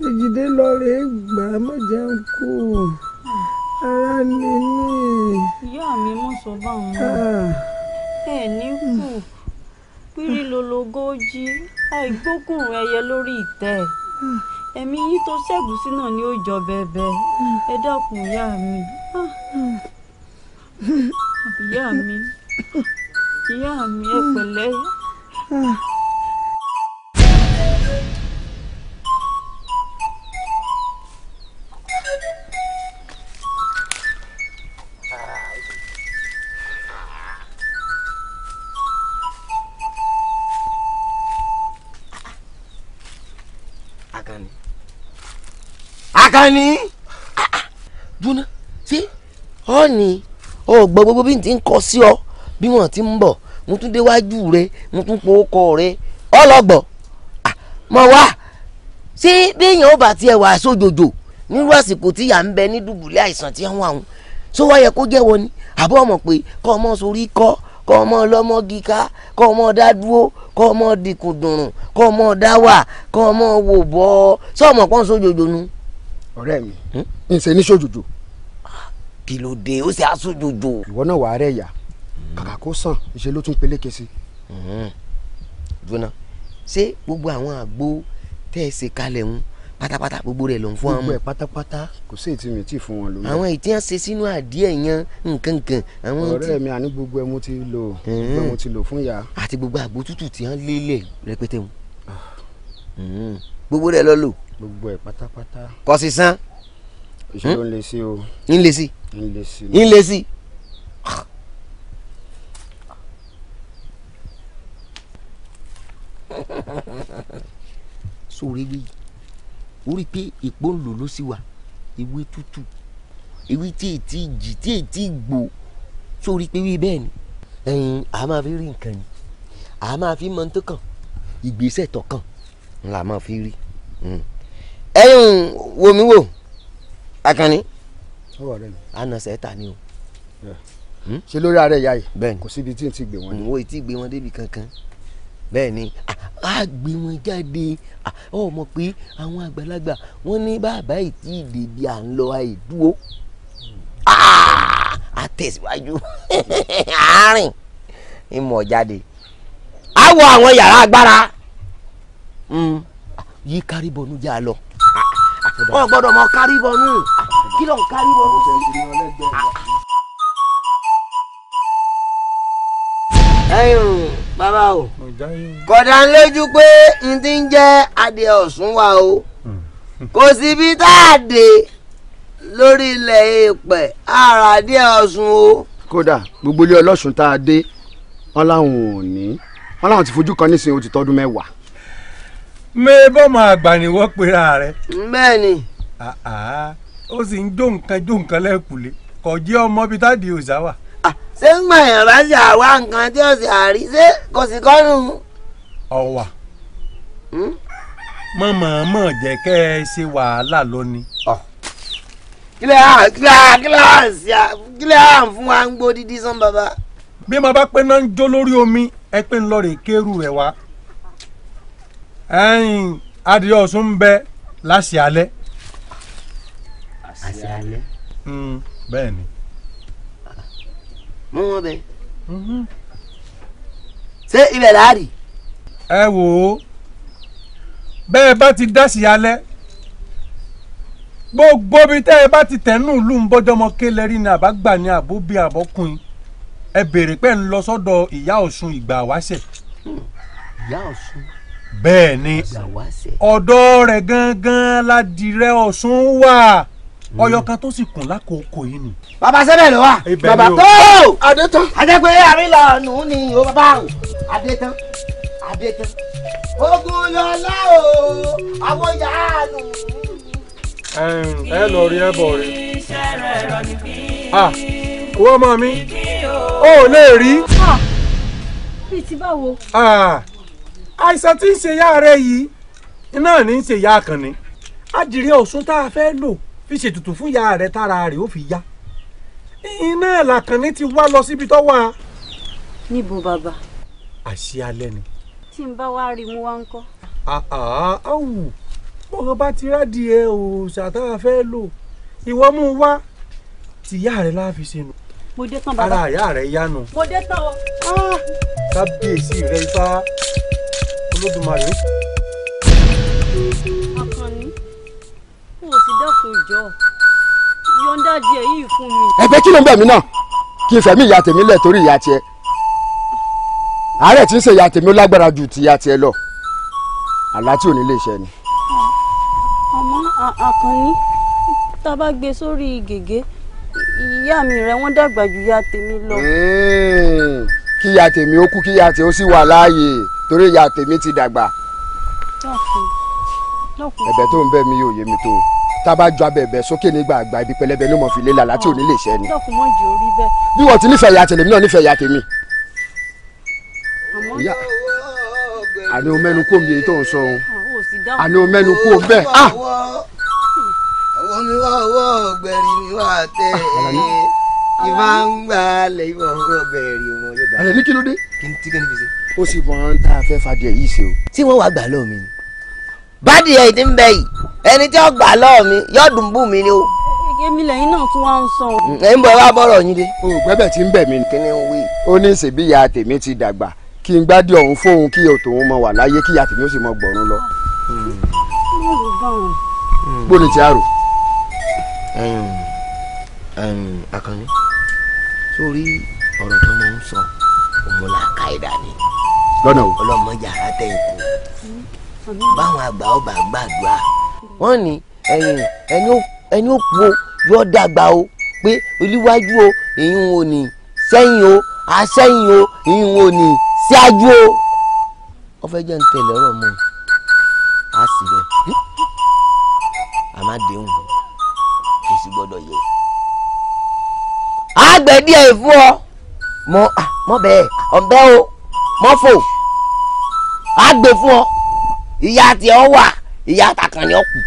èjìdé lọ rè é gbà á má jẹun kú ara mi ní. ìyá mi mọ̀ sọ báwọn ẹ ní kù pírí lologójì àìgbókùn ẹyẹ lórí ìtẹ́ ẹ̀mí yín tó ṣẹ́gùsí náà ni ó jọ bẹ́ẹ̀bẹ́ ẹ dákun ìyá mi (laughs) ìyá mi ìyá mi ẹ hmm. pẹ̀lẹ́. Àkànní. dúnà ṣé ọ ní ọ gbọ́ gbogbo bí n ti ń kọ sí ọ bí wọ́n ti ń bọ̀ mo tún déwájú rẹ mo tún po ọkọ rẹ ọlọ́gbọ̀ mọ̀ wá ṣé béèyàn ó bá tiẹ̀ wà sójòjò nírú àsìkò tí yà ń bẹ ní dùbúlẹ̀ àìsàn tí wọ́n àwọn ṣó wá yẹ kó jẹ́wọ́ ni àbọ̀ ọmọ pé kọ́ ọmọ sórí kọ́ kọ́ ọmọ ọlọ́mọ gíga kọ́ ọmọ ọdá dúró kọ́ ọmọ dìkù dùrùn kọ́ ọmọ ọdá wà kọ́ ọmọ wò bọ́ sọ́ọ̀mọ̀ pọ́n sójòjò nu. ọ̀rẹ́ mi ń hm? ṣe ní sójòjò. kí ó ṣe aṣojojo. ìwọ náà wàá rẹ̀ yà kàkà kó sàn ìṣe ló tún peléke sí. jóná ṣé gbogbo àwọn àgbo tẹ́ ẹ ṣe kalẹ̀ ń pátápátá gbogbo rẹ̀ ló ń fún wọn. gbogbo ẹ̀ pátápátá kò sí ètí mi tí ì fún wọn lóyún. àwọn ètí wọn ṣe sínú àdìẹ yan nkankan. ọ̀rẹ́ mi àní gbogbo ẹ̀ mo ti lò gbogbo ẹ̀ mo ti lò fún ya. àti gbogbo àgbo tútù tí wọ́n lélẹ̀ rẹpẹtẹ mu. Ah. gbogbo rẹ̀ lọ lò. gbogbo ẹ̀ pátápátá. kò sí sán. ìṣòro ń le sí o. ń le sí. ń le sí. ń le sí. sórí ewé yìí ó rí i lolo èpò ń lò ló sì wà ewé tútù ewé tí ètí jì tí ètí gbò sórí pé wí bẹ́ẹ̀ ni ẹ̀yin a máa fi rí nǹkan ni a máa fi mọ tó kàn ìgbésẹ̀ tó kàn la máa fi rí hmm. ẹ̀yin wo mi wò Àkànní ànàṣẹ́ ta ni o hmm? ṣe lórí ara ẹ̀yà yìí kò síbi tí n ti gbé wọn dé. n ò tí ì gbé wọn débi kankan bẹ́ẹ̀ ni a gbé wọn jáde ọ mọ̀ pé àwọn àgbàlagbà wọ́n ní bàbá ìtì ìdèbí à ń lọ àìdúró a tẹ̀síwájú àárín (laughs) ìmọ̀ jáde a wọ àwọn yàrá agbára hmm. yí kárìbọnú já lọ ọ gbọ́dọ̀ mọ kárìbọnú kí ló ń kárìbọnú sí bàbá o kódà ń lójú pé n ti ń jẹ́ adé ọ̀sùn wa o hmm. kò sí ibi tá a dé lórí ilẹ̀ èèpẹ̀ ara adé ọ̀sùn o. kódà gbogbo ilé ọlọ́sùn tá a dé wọn láwọn ò ní wọn láwọn ti fojú kan nísìnyí ó ti tọ́dún mẹ́wàá. mẹ́bọ̀ máa gbà pera rẹ̀. bẹ́ẹ̀ ni. ó sì ń jó nǹkan jó nǹkan lẹ́kùlé kò jẹ́ ọmọ bíi tá a di òòṣà wà ṣé ń gbàyàn bá ṣe àwa nǹkan tí ó ṣe àrí ṣé kò sì kọ́nu. ọ̀wà hmm? mọ̀ mọ̀ mọ̀ jẹ́ kẹ́ ẹ ṣe wàhálà lónìí. kílẹ̀ á kílẹ̀ á kílẹ̀ á sí à kílẹ̀ á fún wa ń gbó dídí sán bàbá. bí mo bá pé náà ń jó lórí omi ẹ pé ń lọ rè kéru rẹ wá. ẹyin adìyẹ ọ̀sùn ń bẹ láṣẹ alẹ́. àṣẹ alẹ́. Hmm, bẹ́ẹ̀ ni mú wọn bẹ. ṣé ibẹ̀ láàrì. ẹ wò ó bẹ́ẹ̀ bá ti dásì alẹ́ gbogbo bíi tẹ́ ẹ bá ti tẹ̀nú ìlú ń bọ́jọ́mọ kélẹ́rì ni àbágbà ni àbóbí àbọ́kùnrin ẹ béèrè pé ń lọ sọ́dọ̀ ìyá ọ̀ṣun ìgbà wáṣẹ̀. ìyá ọ̀ṣun bẹ́ẹ̀ ni ọ̀dọ́ rẹ̀ gangan ládìrẹ́ ọ̀ṣun wà. Hmm. ọyọ kan tó sì kùn lákòókò yìí nù. bàbá sẹ́bẹ̀ ló wà bàbá tó adétán. àjẹpẹ́ àrílà nù ni ó bàbá o adétán adétán. ogun yọlá o àwọn ìyá nù. ẹ lọ rí ẹ bọ̀ rí. wọ́n mọ mi ó lè rí. bíi ti báwo. àìsàn tí ń ṣe yára yìí náà ní í ṣe yá kan ni adìrẹ ọ̀sùn tá a fẹ́ lò fi ṣètùtù fún ìyá rẹ tára rẹ ó fi yá iná làkànní ti wá lọ síbi tó wà. níbo bàbá. àṣé alẹ́ ni. tí n bá wá rí mu wá ń kọ́. àwù bọ́n bá ti rádìí ẹ ò ṣàtà fẹ́ lò ìwọ mú un wá tìyá rẹ láàfi ṣe nù. mo dé tán bàbá. ara ìyá rẹ yánu. mo dé tán ah, kábíyèsí rẹ ifá olódùmarè. dákun ìjọ yọ̀ǹda díẹ̀ yìí fún mi. ẹ̀bẹ̀ kí ló ń bẹ̀ mí náà kí n fẹ̀mí ìyá tèmi lẹ̀ torí ìyá tiẹ̀ àárẹ̀ tí ń ṣe ìyá tèmi ó lágbára ju ti ìyá tiẹ̀ lọ àlá tí ò ní lè ṣẹ ni. àmọ́ àkànní tá a bá gbé sórí gègé ìyá mi rẹ wọ́n dàgbà ju ìyá tèmi lọ. kí ìyá tèmi ó kú kí ìyá tèmi ó sì wà láàyè torí ìyá tèmi ti dàgbà. ẹ̀bẹ̀ tó ń bẹ̀ mí yóò yé mi tó o tá a bá ju abẹ̀bẹ̀ sókè ní gbàgbà ibi pẹlẹbẹ ló mọ̀ fi lélà láti òní lè ṣẹ́ ni. bí wọ́n ti nífẹ̀ẹ́ ya tèmi náà nífẹ̀ẹ́ ya tèmi. àní o mẹ́nu kó mi èyí tó ń sọ ohun àní o mẹ́nu kó bẹ́ẹ̀. Ah! àwọn mi wá ọwọ́ ọ̀gbẹ̀rì mi wá tẹ̀ ẹ́ ìmọ̀ ń gbà lẹ̀ ìmọ̀ ọwọ́ ọ̀gbẹ̀rì wọn. àlẹ́ ní kí ló dé. kí n tí kẹ́ni fi ṣe. ó sì bọ́n tá a fẹ́ fadìẹ yìí ṣe o. tí wọ́n wàá gbà lọ́ọ̀ mi ni bádì ẹ̀ ti ń bẹ yìí ẹni tí ó gbà lọ́ọ̀ mi yóò dùn bù mí ni o. èmi lẹ́yìn náà tún wá ń sọ. ẹ ń bọ̀ wá bọ̀rọ̀ yín dé. o gbẹ́bẹ̀ tí ń bẹ̀ mí ni. kí ni ń wí. ó ní ṣèbíyà tèmi ti dàgbà kí n gbádìí ọ̀hún fóun kí òtòun mọ wà láyé kí àtìmí ó sì mọ gbọ̀rún lọ. gbóni hmm. ti àrò. Àkànní sórí ọ̀rọ̀ tó máa ń sọ òun là ni lọ́nà o ọlọ́mọ yàrá tẹ̀ ikú báwọn àgbà ọba gbàdúrà wọn ní ẹni ó kú o yóò dàgbà o pé olúwájú o èyí o ní sẹ́yìn o àsẹ́yìn o èyí ò ní ṣáájú o. wọ́n fẹ́ jẹ́ ń tẹ̀lé ọ̀rọ̀ mọ́ ni a sì rẹ̀ àmàdéhùn kò sì gbọ́dọ̀ yẹ. àgbẹ̀ díẹ̀ fún ọ mọ bẹ́ẹ̀ ọ̀bẹ o mọ́fò àgbẹ̀ fún ọ ìyá tiẹ̀ ọ wà ìyá àtàkànní ọ kù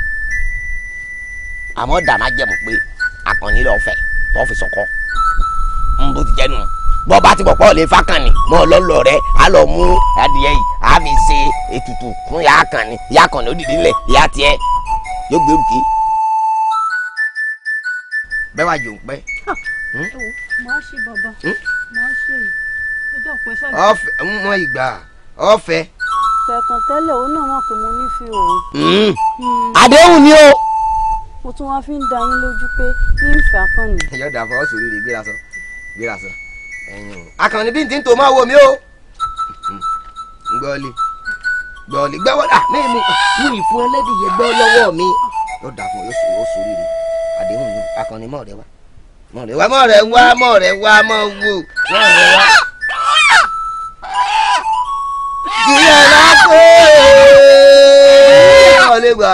àmọ́ dàmá jẹ̀mú pé àkànní lọ fẹ̀ tó fi sọkọ ń bó ti jẹnu bọ́ bá ti bọ̀ pọ̀ lè fákànnì mọ́ ọlọ́lọ́ rẹ á lọ mú adìyẹ yìí á fi ṣe ètùtù fún ìyá àkànní ìyá àkànní ó dìde nílẹ̀ ìyá tiẹ̀ yóò gbé òkè bẹ́ẹ̀ wá jò pẹ́. Ah, hmm? màá ṣe hmm? ìgbà ọfẹ fẹ̀kàn tẹ́lẹ̀ òun náà mọ̀ pé mo nífẹ̀ẹ́ òun. Hmm. Hmm. àdéhùn ni o. mo tún wáá fi ń da yín lójú pé yín fà kàn ní. yóò dà fún ọ sórí rẹ gbéra sọ gbéra sọ ẹyin o. akànnì bí n ti ń tò máa wo mi o. gbọ́ọ̀lì hmm. gbọ́ọ̀lì gbọ́ọ̀lì à mí mi mi ìfún ẹlẹ́dìyẹ gbọ́ lọ́wọ́ mi. yóò dà fún ọ sórí rẹ àdéhùn ni akànnì mọ̀ rẹ wá mọ̀ rẹ wá mọ̀ rẹ wá mọ̀ wò mọ̀ rẹ wá kìyà lákò ọ̀lẹ́gbà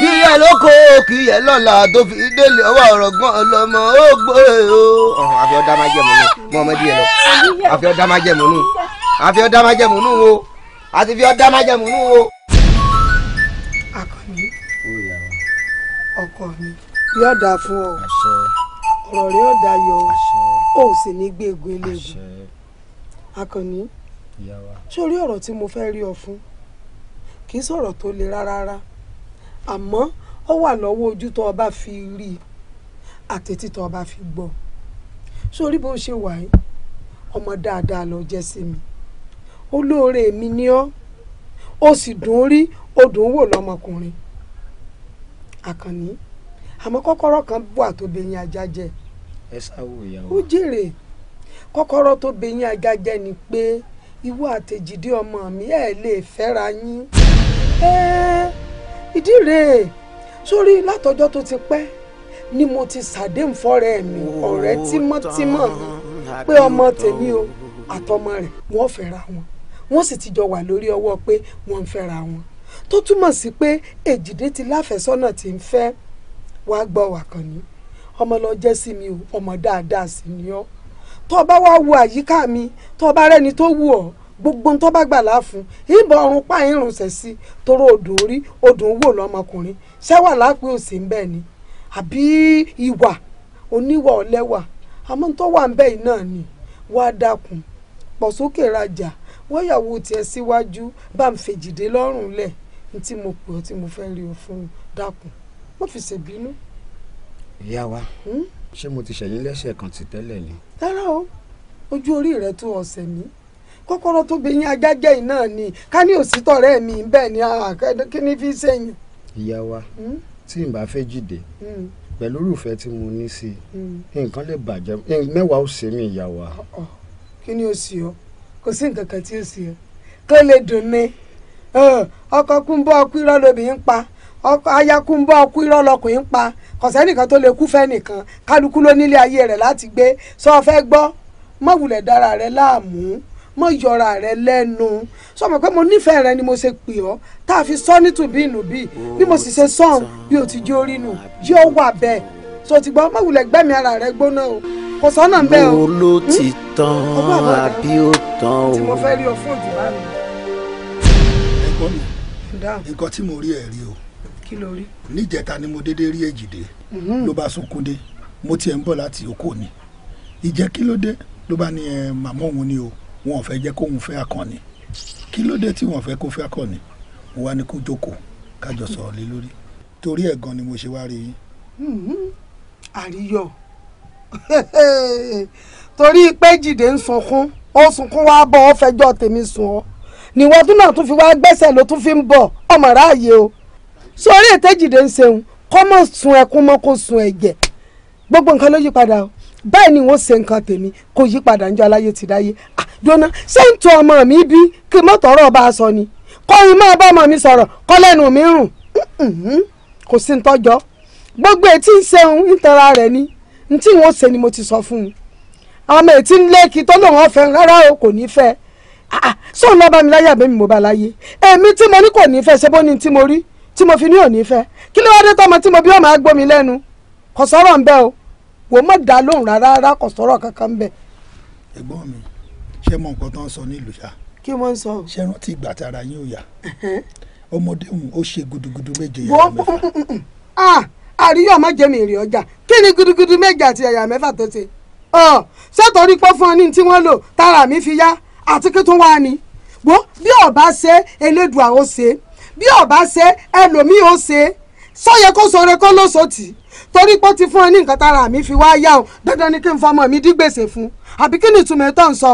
kìyà lóko kìyà lọ́la tó fi délé ọwọ́ ọ̀rọ̀ gan ọlọ́mọ ó gbé o. ọ̀hún àfi ọ̀dá máa jẹ̀mú nù mọ ọmọ díẹ̀ lọ àfi ọ̀dá máa jẹ̀mú nù àfi ọ̀dá máa jẹ̀mú nù o àti fi ọ̀dá máa jẹ̀mú nù o. akọni ọkọ mi yóò dáa fún ọ ọ̀rọ̀ rẹ̀ yóò dáa yọ o sì ní gbé egun eléegun akọni sórí ọ̀rọ̀ tí mo fẹ́ rí ọ fún kì í sọ̀rọ̀ tó le rárá àmọ́ ó wà lọ́wọ́ ojú tó o bá fi rí i àtẹ̀tí tó o bá fi gbọ́ sórí bó ṣe wà yìí ọmọ dáadáa ló jẹ́ sí mi olóore mi ni ọ́ ó sì dùn rí ó wò lọ́mọkùnrin àkànní àmọ́ kọ́kọ́rọ́ kan wà tó bẹ̀yìn ajá jẹ́ ẹ sáwó ìyàwó ó jèrè kọ́kọ́rọ́ tó bẹ̀yìn ajá jẹ́ ni pé. Pe ìwọ àtèjìdé ọmọ mi ẹ̀ lè fẹ́ra yín. ìdí rèé sórí látọjọ́ tó ti pẹ́ ni mo ti ṣàdéhùn fọ́rẹ́ mi ọ̀rẹ́ tímọ́tímọ́ pé ọmọ tèmi o àtọmọ rẹ̀ wọ́n fẹ́ra wọn wọ́n sì ti jọ wà lórí ọwọ́ pé wọ́n ń fẹ́ra wọn tó túmọ̀ sí pé èjìdé ti láfẹ̀sọ́nà tí ń fẹ́ wàá gbọ́ wà kàn ní ọmọ lọ jẹ́ sí mi o ọmọ dáadáa sì ni ọ́ tó bá wá wo àyíká mi tó bá rẹ́ni tó wù ọ́ gbogbo tó bá gbà láàfún ìbọn ọrùn páyín rùnsẹ̀ sí toró odò orí odò ń wò ṣẹ́wà lápẹ́ òsè ń ni àbí ìwà oníwà ọlẹ́wà àmọ́ tó wà ń bẹ̀ yìí náà ni wàá dákun pọ̀ sókè rajà wọ́yàwó tiẹ̀ síwájú bá ń fèjìdé lọ́rùn lẹ̀ ní tí mo pè ọ́ tí mo fẹ́ rí o fún un dákun mo fi ṣèbínú. ìyá wa hmm? ṣé mo ti ṣẹ̀yìn lẹ́sẹ̀ kan ti tẹ́lẹ̀ ni. rárá o ojú orí rẹ tó ọ̀sẹ̀ mi kọ́kọ́rọ́ tó bẹ yín ajájẹ́ yìí náà ni ká ní òsítọ́ rẹ̀ mi bẹ́ẹ̀ ni kí ni fi sẹ́yìn. ìyá wa hmm? tí n bá fẹ́ jìde hmm. pẹ̀lú irúfẹ́ tí mo ní sí i hmm. nǹkan lè bàjẹ́ mẹ́wàá ó ṣe mí ìyá wa. kí ni o sì ọ kò sí nǹkan kan tí o sì ọ kó lè dùn ni ọkọ̀ kúńbọ̀ ọkùnrin irọ́ lóbì ń pa ayakunbọ ọkú irọ́ lọkùnrin pa kọ̀sẹ́nìkan tó lè kú fẹ́ nìkan kálukú ló nílé ayé rẹ̀ láti gbé sọ fẹ́ gbọ́ mọ̀wùlẹ̀ dára rẹ̀ láàmú mọ̀ yọra rẹ̀ lẹ́nu sọmọ pé mo nífẹ̀ẹ́ rẹ ni mo ṣe pè ọ́ tá a fi sọ nítùbí ìnùbí bí mo sì ṣe sọ̀n bí o ti jẹ́ orí nù yóò wà bẹ́ẹ̀ so ti gbọ́ mọ̀wùlẹ̀ gbẹ̀mí ara rẹ̀ gbóná o kò sọ́nà ń o. mo ló hmm? ti tán àbí ó tán o. tí mo fẹ́ rí o fún òjò bá mi. ẹ̀gbọ́n mi nǹkan tí mo rí ẹ̀ rí o kí ló rí. níjẹta ni mo déédéé rí èjìdé mhm. ló bá sunkún dé mo tiẹ̀ ń bọ̀ láti oko ni ìjẹ́ kí ló dé ló bá ní ẹ màmá òun ni o wọn ò fẹ́ jẹ́ kóun fẹ́ akọni kí ló dé tí wọn ò fẹ́ kó fẹ́ akọni mo wá ní kó jókòó kájọ sọ̀rọ̀ lé lórí torí ẹ̀ gan ni mo ṣe wá rí yín. Mhm. àríyọ (laughs) torí pé jìde ń sunkún ó sunkún wá bọ́ ọ fẹjọ́ tèmi sùn ọ́ nìwọ́n náà tún fi wá gbẹ́sẹ̀ ló tún fi ń bọ̀ ọmọ ráàyè o sórí ètèjìdè ń ṣeun kọ́ mọ̀ sun ẹkún mọ́ kó sun ẹ̀jẹ̀ gbogbo nǹkan ló yí padà o báyìí ni wọ́n ṣe nǹkan tèmi kó yí padà njọ́ aláyé ti dáyé àjọna ṣé ń tu ọmọ mi bí kí mo tọrọ ọba aṣọ ni kọrin máa bá ọmọ mi sọ̀rọ̀ kọ́ lẹ́nu mi rùn kò sí ntọ́jọ́ gbogbo ètí ń ṣeun ń tẹra rẹ̀ ni ntí wọ́n ṣe ni mo ti sọ fún un ọmọ ètí ń lé kí tó lòun ọ̀fẹ́ rárá o kò ní fẹ́ sóun lọ́ba mi láyé àbẹ́mi mo bá láyé èmi tí mo ní kò ní fẹ́ ṣe bó ni tí mo rí tí mo fi ní òní fẹ́ kí ló wá dé tọmọ tí mo bí ọmọ agbomi lẹ́nu kò sọ̀rọ̀ ń bẹ́ o wò má dá lóhùn rárá rárá kò sọ̀rọ̀ kankan ń bẹ́. ẹ̀gbọ́n mi ṣé mọ nǹkan tó ń sọ nílùú ṣá. kí wọ́n ń sọ. ṣé rántí ìgbà tara yín ò yá ọmọdé òun ó ṣe gudugudu méje yàrá mẹ́fà. Mm, mm, mm, àríyá ọmọ jẹ́mi ìrìn ọjà kí ni gudugudu méje àti ẹ̀yà mẹ́fà tó ṣe. ṣé torí pọ́ fún ọ ní tí wọ́n lò tára mi fi yá àti kí tún wá ni. wo bí ọba ṣe elédùn àwọn ṣe bí ọba ṣe ẹlòmíì ó ṣe sọyẹ kó sọ̀rọ̀ kó lóso tì torí pé ó ti fún ẹ ní nǹkan tára mi fi wá yá o dandan ni kí n fọmọ mi dí gbèsè fún àbí kí ni ìtumọ̀ ètò ń sọ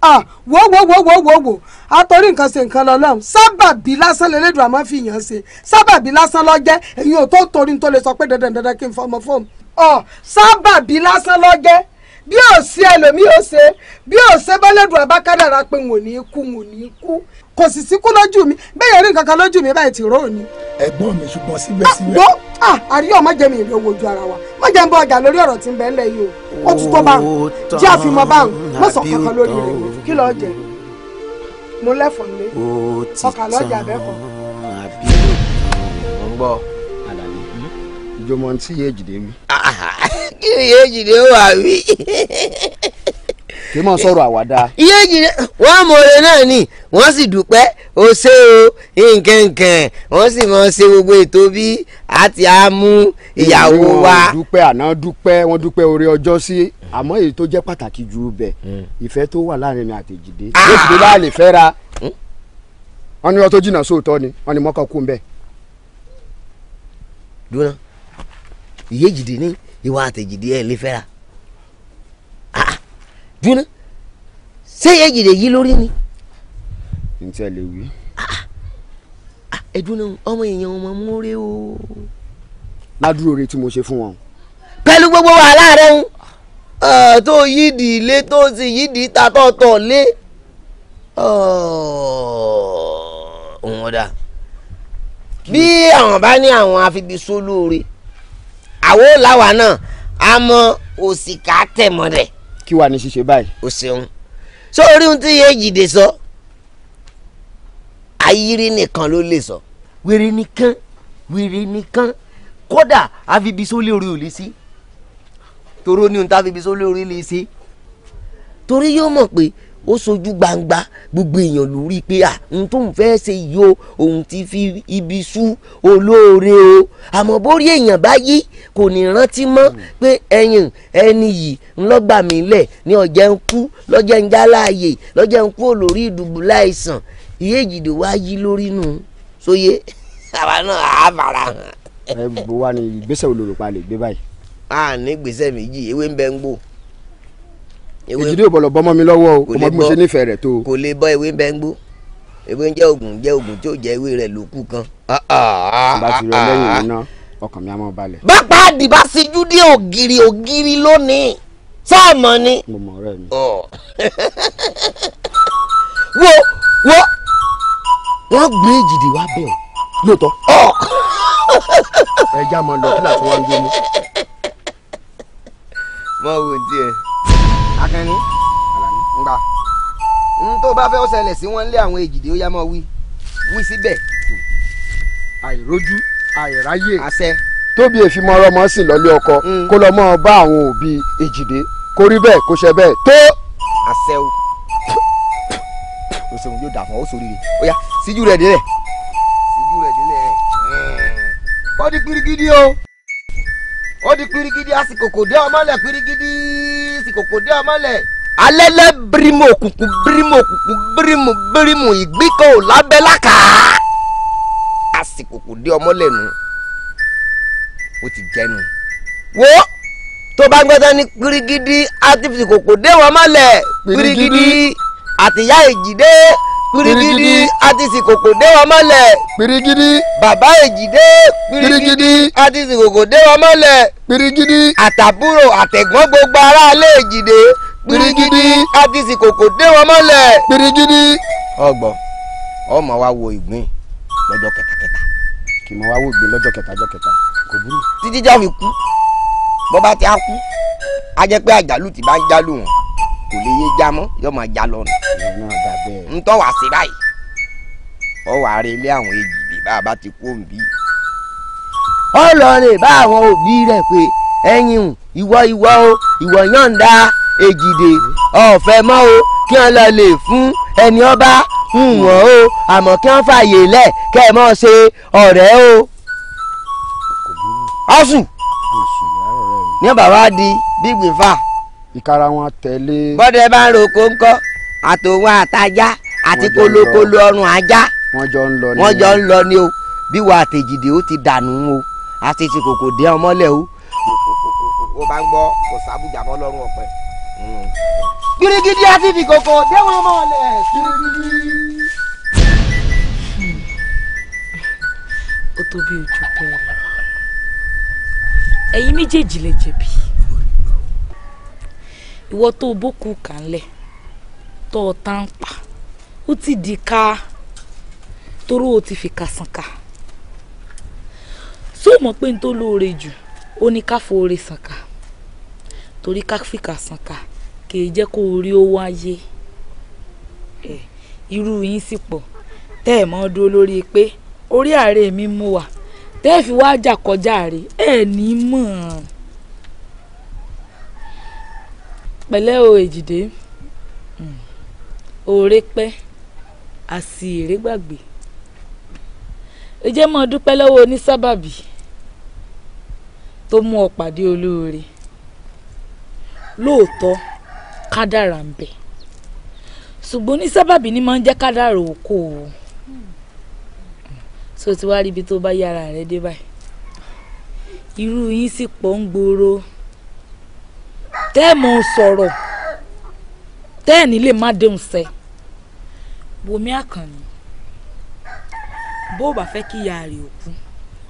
ọ wò wò wò wò wò wò àtòrí nǹkan ṣe nǹkan lọ́lọ́run sábàbí lásán lélẹ́dùn àmọ́ fi yàn ṣe sábàbí lásán lọ́jẹ́ èyí ò tó torí tó lè sọ pé dandan dandan kí n fọmọ fóun ọ sábàbí lásán lọ́jẹ́ bí ò sí ẹlòmíì ò ṣe bí ò ṣe bọ́lẹ́dùn abákádàrà pé n ò ní kú n ò ní kú kò sì síkú lójú mi bẹ́ẹ̀ rí nǹkan kan lójú mi báyìí ti rò ó ni. ẹ̀gbọ́n mi ṣùgbọ́n síbẹ̀síbẹ̀. àgbọ̀ ah, ah, àrí ọ̀ má jẹ́ mi ìrìn owó ojú ara wa má jẹ́ n bọ ọjà lórí ọ̀rọ̀ tí ń bẹ ńlẹ̀ yìí o ó tún tọ́ bá ń jẹ́ àfimọ́ bá ń mọ̀sán kankan lórí rẹ̀ kí lọ́ọ́ jẹ mo lẹ́fọ̀ọ́ lé ọkà lọ́jà bẹ́ẹ̀kọ́. Hm? ìjọba ti yé èjì dé mi. Ah, kí ni yéé jìnnà wà wí. kì í mọ sọ̀rọ̀ àwàdà. wọn ọrẹ náà ni wọ́n sì dúpẹ́ ó o nkankan wọ́n sì mọ ṣe gbogbo ètò bí àti àmú ìyàwó wa. àná orí sí èyí tó pàtàkì jù hmm. tó wà láàrin mi àti ah! Èjìdé hmm? wọ́n ní tó jìnnà ni kú ìyéjìdí ní ìwà àtẹ̀jìdí ẹ̀ lè ah dúró ṣé ìyéjìdí yìí lórí ni. n tí a lè wí. Ah, ah, ẹ̀dùn ọmọ èèyàn ọmọ múre o. ládùúrò rẹ tí mo ṣe fún wọn. pẹ̀lú gbogbo wàhálà rẹ ń eh, tó yídìí ilé tó sì yídìí takọ̀tọ̀ lé oh, ọ̀ọ́dà bí àwọn bá ní àwọn afibisolóore. Oh, àwo làwa náà a mọ òsìkà tẹ̀mọ́ rẹ̀. kí wàá ní ṣíṣe báyìí. o ṣeun so orí ohun tí yéé jìde sọ ayírí nìkan ló lè sọ wèrè nìkan wèrè nìkan kódà àfibisólé orí ò sí toró ní ohun tá àfibisólé orí lè sí torí yóò mọ̀ pé ó sojú gbangba gbogbo èèyàn ló rí i pé à ń tó ń fẹ́ ṣe yìí o òun ti fi ibi sú olóore o àmọ́ bórí èèyàn bá yí kò ní rántí mọ́ hmm. pé ẹ̀yìn ẹni yìí ńlọ́gbà mí lẹ̀ ní ọ̀jẹ̀ ń kú lọ́jẹ̀ ń já láàyè lọ́jẹ̀ ń kú olórí ìdùbù láìsàn ìyé ìjìdè wá yí lórí nù sóyè (laughs) àwa náà á fara hàn. ẹ bó wá ní ìgbésẹ̀ olórùpa gbé báyìí. a ní ìgbésẹ̀ méjì ewé ń bẹ ń gbò èjìdí ò bọ̀lọ̀ bọ́mọ́ mi lọ́wọ́ o ọmọ bí mo ṣe nífẹ̀ẹ́ rẹ̀ tó. kò lè bọ ewé bẹ́ẹ̀ ń jẹ́ oògùn jẹ́ oògùn tí ó jẹ́ ewé rẹ̀ ló kan. bá ti rọ lẹ́yìn mi ọkàn mi á mọ̀ balẹ̀. bápá àdìbá sí júdé ògiri ògiri lónìí sọ́ọ̀mọ ni. mo mọ̀ ọ̀rẹ́ mi. wo wo wọ́n gbé èjìdí wá bẹ́ẹ̀ lóòótọ́. ẹ já mọ lọ kí làtúwá ń gbé mi. ṣẹlẹ̀ sí wọn lé àwọn èjìdé ó yá mọ́ wí wí síbẹ̀. àìrójú àìráyè àṣẹ. tóbi èfimọ ọrọmọ sì lọlé ọkọ mm. kó lọ mọ bá àwọn òbí èjìdé kó rí bẹ́ẹ̀ kó ṣe bẹ́ẹ̀ tó. àṣẹ o o ṣeun yóò dà fún ọ sórí rẹ ó yá síjú rẹ délẹ̀ síjú rẹ délẹ̀ ó di pirigidi o ó di pirigidi àsìkò kò dé ọmọlẹ pirigidi àsìkò kò dé ọmọlẹ alẹ́lẹ́ bírímù òkùnkùn bírímù òkùnkùn bírímù bírímù ìgbíkọ̀ ò lábẹ́ lákà àsìkò kò dé ọmọ lẹ́nu ó ti jẹnu wo tó bá ń gbọ́dọ̀ ní pirigidi àtìfìsì kò kò dé wọn mọ́lẹ̀ pirigidi àtìyá èjìdé pirigidi àtìsì kò kò dé wọn mọ́lẹ̀ pirigidi bàbá èjìdé pirigidi àtìsì kò kò dé wọn mọ́lẹ̀ pirigidi àtàbúrò àtẹ̀gbọ́n gbogbo aráalé èjìdé. gbirigidi a ti sì kòkò dé wọn mọ́lẹ̀. gbirigidi. ọgbọ ọmọ wa wo ìgbín lọ́jọ́ kẹtàkẹtà. kì í mọ wá wo ìgbín lọ́jọ́ kẹtàjọ́ kẹtà kò burú. títí já fi kú bọ́ bá ti á kú a jẹ́ pé àjálù ti bá ń jálù wọn kò lè yé já mọ́ yóò máa já lọ́nà. ntọ́ wàá sí báyìí ọ wàá rí ilé àwọn èjì bí bá ti kú òǹbí. ọ lọ lè bá àwọn òbí rẹ̀ pé ẹ̀yin ìwọ ìwọ ìwọ yọ̀ǹda ègìdè ọ̀fẹ́ mọ́ o kí wọ́n lọ lè fún ẹni ọba ń hmm, wọ́n o àmọ́ kí wọ́n fààyè lẹ̀ kẹ́ ẹ mọ́ ṣe ọ̀rẹ́ o. ọ̀sùn ní bàbá di bígbì fà. ìkara wọn tẹ̀lé. bọ́dẹ bá ń roko ńkọ́ àtòwọn àtajá àti kolokolo ọrùn ajá wọ́n jọ ń lọ ni o bí wàá tèjìdè ó ti dànù o àti ti kòkò ọmọlẹ̀ o. ó bá ń gbọ́ kò sábùjà mọ́ lọ́rùn ọ̀pẹ girigidi àti fìkòkò déwọn ọmọ ọlẹ girigidi. ó tó bí ojú bẹ́ẹ̀ lọ ẹ̀yin méjèèjì lè jẹ̀bi ìwọ tó bókù kànlẹ̀ tó o tá ń pa ó ti di ká toró o ti fi kàsán ká sóò mọ̀ pé n tó lóore jù ó ní ká foore sàn ká torí káfíkà sànkà kì í jẹ́ kó orí ó wáyé irú yín sì pọ̀ tẹ́ ẹ̀ mọ́ dúró lórí pé orí ààrẹ mi mú wà tẹ́ ẹ̀ fi wá jà kọjá rẹ̀ ẹ̀ ní mọ̀ pẹ̀lẹ́ o èjìdé òòrè hmm. pẹ́ àsì èrè gbàgbé ẹ jẹ́ mọ́ dúpẹ́ lọ́wọ́ onísábàbí tó mú ọ pàdé olóore lóòótọ́ kádàrà ń bẹ ṣùgbọ́n ní sábàbí ni máa ń jẹ́ kádàrà òkò o so ti wá rí ibi tó bá yára rẹ dé báyìí irú yín sì pọ̀ ń gbòòrò tẹ́ẹ̀mù sọ̀rọ̀ tẹ́ẹ̀ní lè má déhùn sẹ́ wòmí àkànní bó o bá fẹ́ kí ìyá rẹ̀ òkú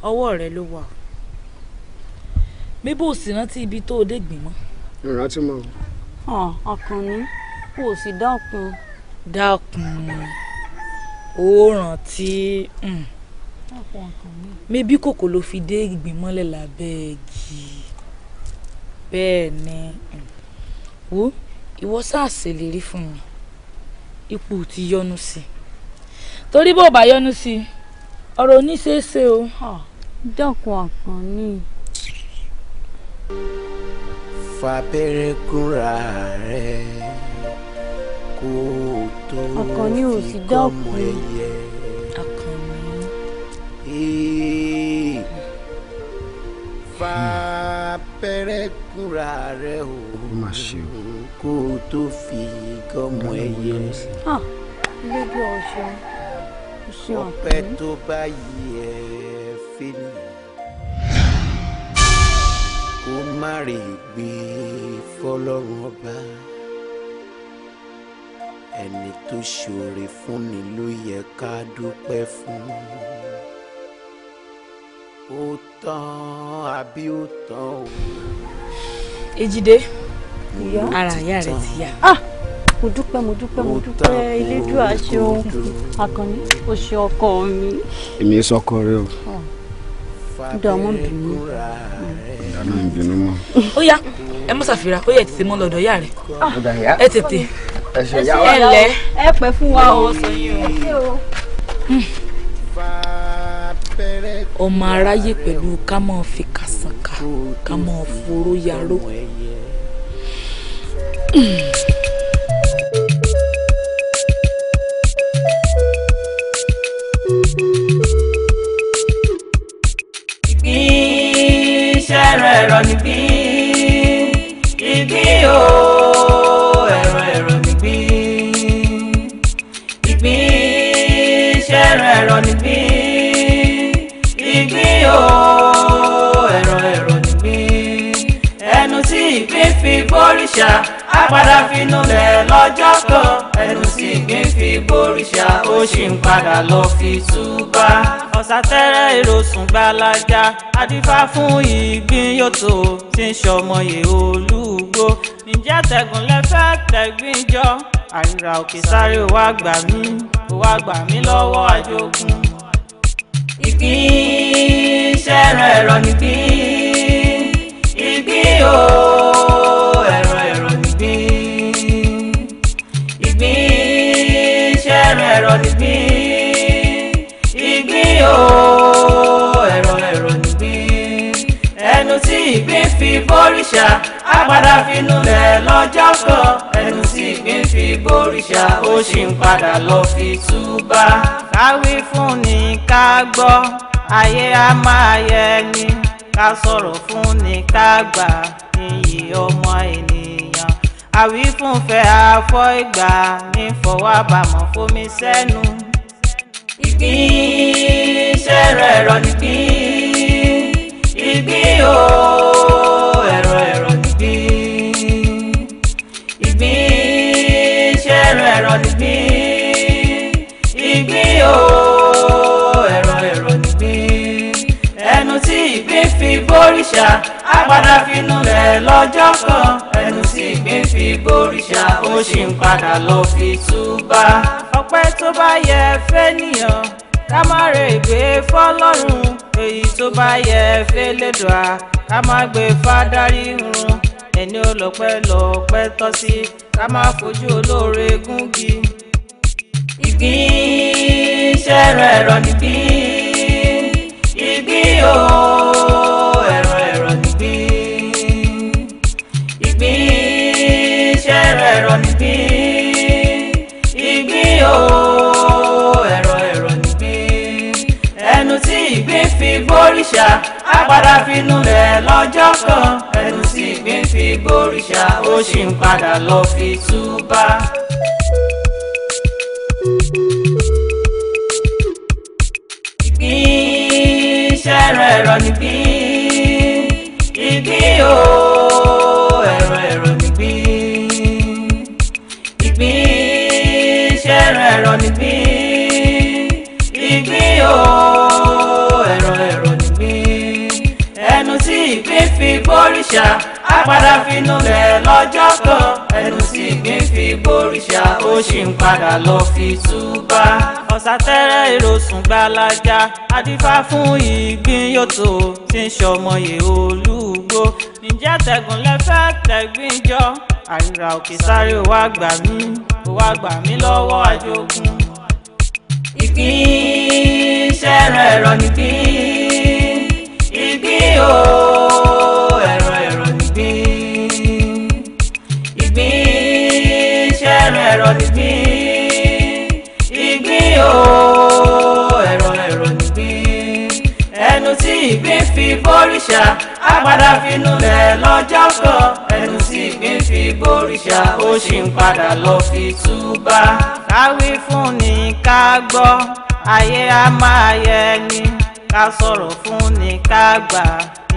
ọwọ́ rẹ ló wà bí bó o rántí ibi tó o dé gbìmọ̀ mi rántí mọ́. ọkùnrin kò sì dákun. dákun ó rántí hmm. mébí kòkó ló fi dé ìgbìmọ̀lẹ̀ lábẹ́ igi bẹ́ẹ̀ ni hmm. wo ìwọ sáà ṣèlérí fún mi ipò ti yọnu sí torí bó bá yọnu sí ọ̀rọ̀ oníṣeéṣe o. dákun àkànní. thank fàbẹ́rẹ́ gúnra rẹ̀ kó o tó fi kọ́mọ ẹyẹ. fàbẹ́rẹ́ gúnra rẹ̀ o kó o tó fi kọ́mọ ẹyẹ. lójú ọ̀ṣun ọ̀pẹ tó bá yẹ fẹ́lẹ̀. má rè gbé fọlọ́run ọba ẹni tó ṣoore fúnni ló yẹ ká dúpẹ́ fún ó tán àbí ó tán o. Èjìdé ara ìyá rẹ ti yá. Ah! mo dúpẹ́ mo dúpẹ́ mo dúpẹ́ elédùà ṣeun akànni o ṣe ọkọ mi. èmi sọkọ rẹ o. dààmú bìnú má bínú mọ́. ó yá ẹ mú sàfira ó yẹ tètè mọ́ lọ́dọ̀ ìyá rẹ̀ ah. ẹ tètè ẹ lẹ ẹ pẹ́ fún wa o ọmọ aráyé pẹ̀lú ká máa fi kàsàkà ká máa foró yaró. Mm. ẹ̀rọ níbí ìgbín o ẹ̀rọ ẹ̀rọ níbí ìgbín ṣẹ̀rọ ẹ̀rọ níbí ìgbín o ẹ̀rọ ẹ̀rọ níbí ẹnu tí ìgbín fi bórìṣà á padà finú lẹ̀ lọ́jọ́ kan ẹnu tí ìgbín fi bórìṣà ó sì ń padà lọ fi túbà àṣàtẹ́rẹ́ ìrosùn gbalaja adífá fún ìgbín yòtò tí ń ṣọmọye olúgbó ǹjẹ́ tẹ̀gùn lẹ́fẹ́ tẹ̀gbìn jọ àríra òkè sáré wá gbà mí wá gbà mí lọ́wọ́ àjogún. ìgbín ṣẹ́ran ẹ̀rọ nìgbín ìgbín o ẹ̀rọ ẹ̀rọ nìgbín ìgbín ṣẹ́ran ẹ̀rọ nìgbín. bóríṣà àgbàdá finúlẹ̀ lọ́jọ́ kan ẹnu sì gbìn fi bóríṣà ó sì ń padà lọ fi túbà. káwí fún ni ká gbọ́ ayé á máa yẹ ni ká sọ̀rọ̀ fún ni ká gbà iyì ọmọ ènìyàn àwífúnfẹ́ afọ́ ìgbà ní fọwọ́bàmọ̀ fomi sẹ́nu. ìgbín ṣẹ̀rọ ẹ̀rọ nìgbín ìgbín ooo. ẹ̀rọ ni mí ìgbín o ẹ̀rọ ẹ̀rọ ni mí ẹnu tí ìgbín fi bóríṣà á padà finú rẹ̀ lọ́jọ́ kan ẹnu tí ìgbín fi bóríṣà ó sì ń padà lọ fi túbà. ọpẹ́ tó bá yẹ fẹ́nìyàn ká má re ìgbé fọlọ́run èyí tó bá yẹ fẹ́lẹ́dùá ká má gbé fádárí run ẹni ọlọ́pẹ́ lọ́pẹ́ tọ́ sí ká má fojú olóore gúngi. ìgbín ṣẹ̀rọ ẹ̀rọ níbí ìgbín o ẹ̀rọ ẹ̀rọ níbí ìgbín ṣẹ̀rọ ẹ̀rọ níbí ìgbín o ẹ̀rọ ẹ̀rọ níbí ẹnu tí ìgbín fi bóríṣà á padà fi nulẹ̀ lọ́jọ́ kan ẹnu bóríṣà ó sì ń padà lọ fi túbà. ìgbín ṣẹ́rọ ẹ̀rọ nìgbín ìgbín o ẹ̀rọ ẹ̀rọ nìgbín ìgbín ṣẹ́rọ ẹ̀rọ nìgbín ìgbín o ẹ̀rọ ẹ̀rọ nìgbín ẹnu tí ìgbín fi bóríṣà padà finú rẹ̀ lọ́jọ́ kan ẹnu sì gbìn fi bòrìṣà ó sì ń padà lọ fi túbà. ọ̀sà tẹ́rẹ́ ìrosùn gbalaja adífá fún ìgbín yòtò tí ń ṣọmọye olúgbó ǹjẹ́ tẹ̀gùn lẹ́fẹ́ tẹ̀gbìn jọ àríra òkè sáré ò wá gbà mí ò wá gbà mí lọ́wọ́ àjogún. ìpín ṣẹ́ran ẹ̀rọ nìpín ìpín o. ẹ̀rọ nìgbín ìgbín o ẹ̀rọ ẹ̀rọ nìgbín ẹnu tí ìgbín fi bóríṣà á finú lẹ̀ lọ́jọ́ kan ẹnu tí ìgbín fi bóríṣà ó sì ń padà lọ fi túbà. káwí fún ni ká gbọ́ ayé á máa yẹ ni ká sọ̀rọ̀ fún ni ká gbà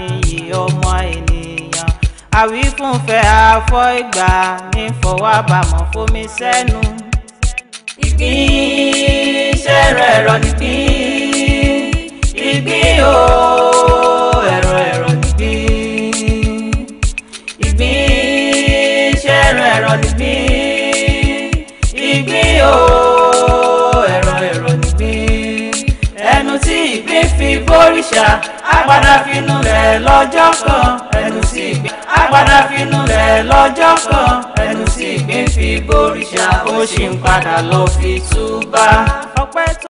iyì ọmọ ẹni àwíkúnfẹ́ afọ́ ìgbà ní fọwábàmọ̀ fomi sẹ́nu. ìgbín sẹ́rọ ẹ̀rọ nìgbín ìgbín o ẹ̀rọ ẹ̀rọ nìgbín ìgbín sẹ́rọ ẹ̀rọ nìgbín ìgbín o ẹ̀rọ ẹ̀rọ nìgbín ẹnu tí ìgbín fi bóríṣà á padà finú rẹ̀ lọ́jọ́ kan ìgbé agbada finú rẹ̀ lọ́jọ́ kan ẹnu sí ìgbé fi bóríṣà ó sì ń padà lọ fi túbà.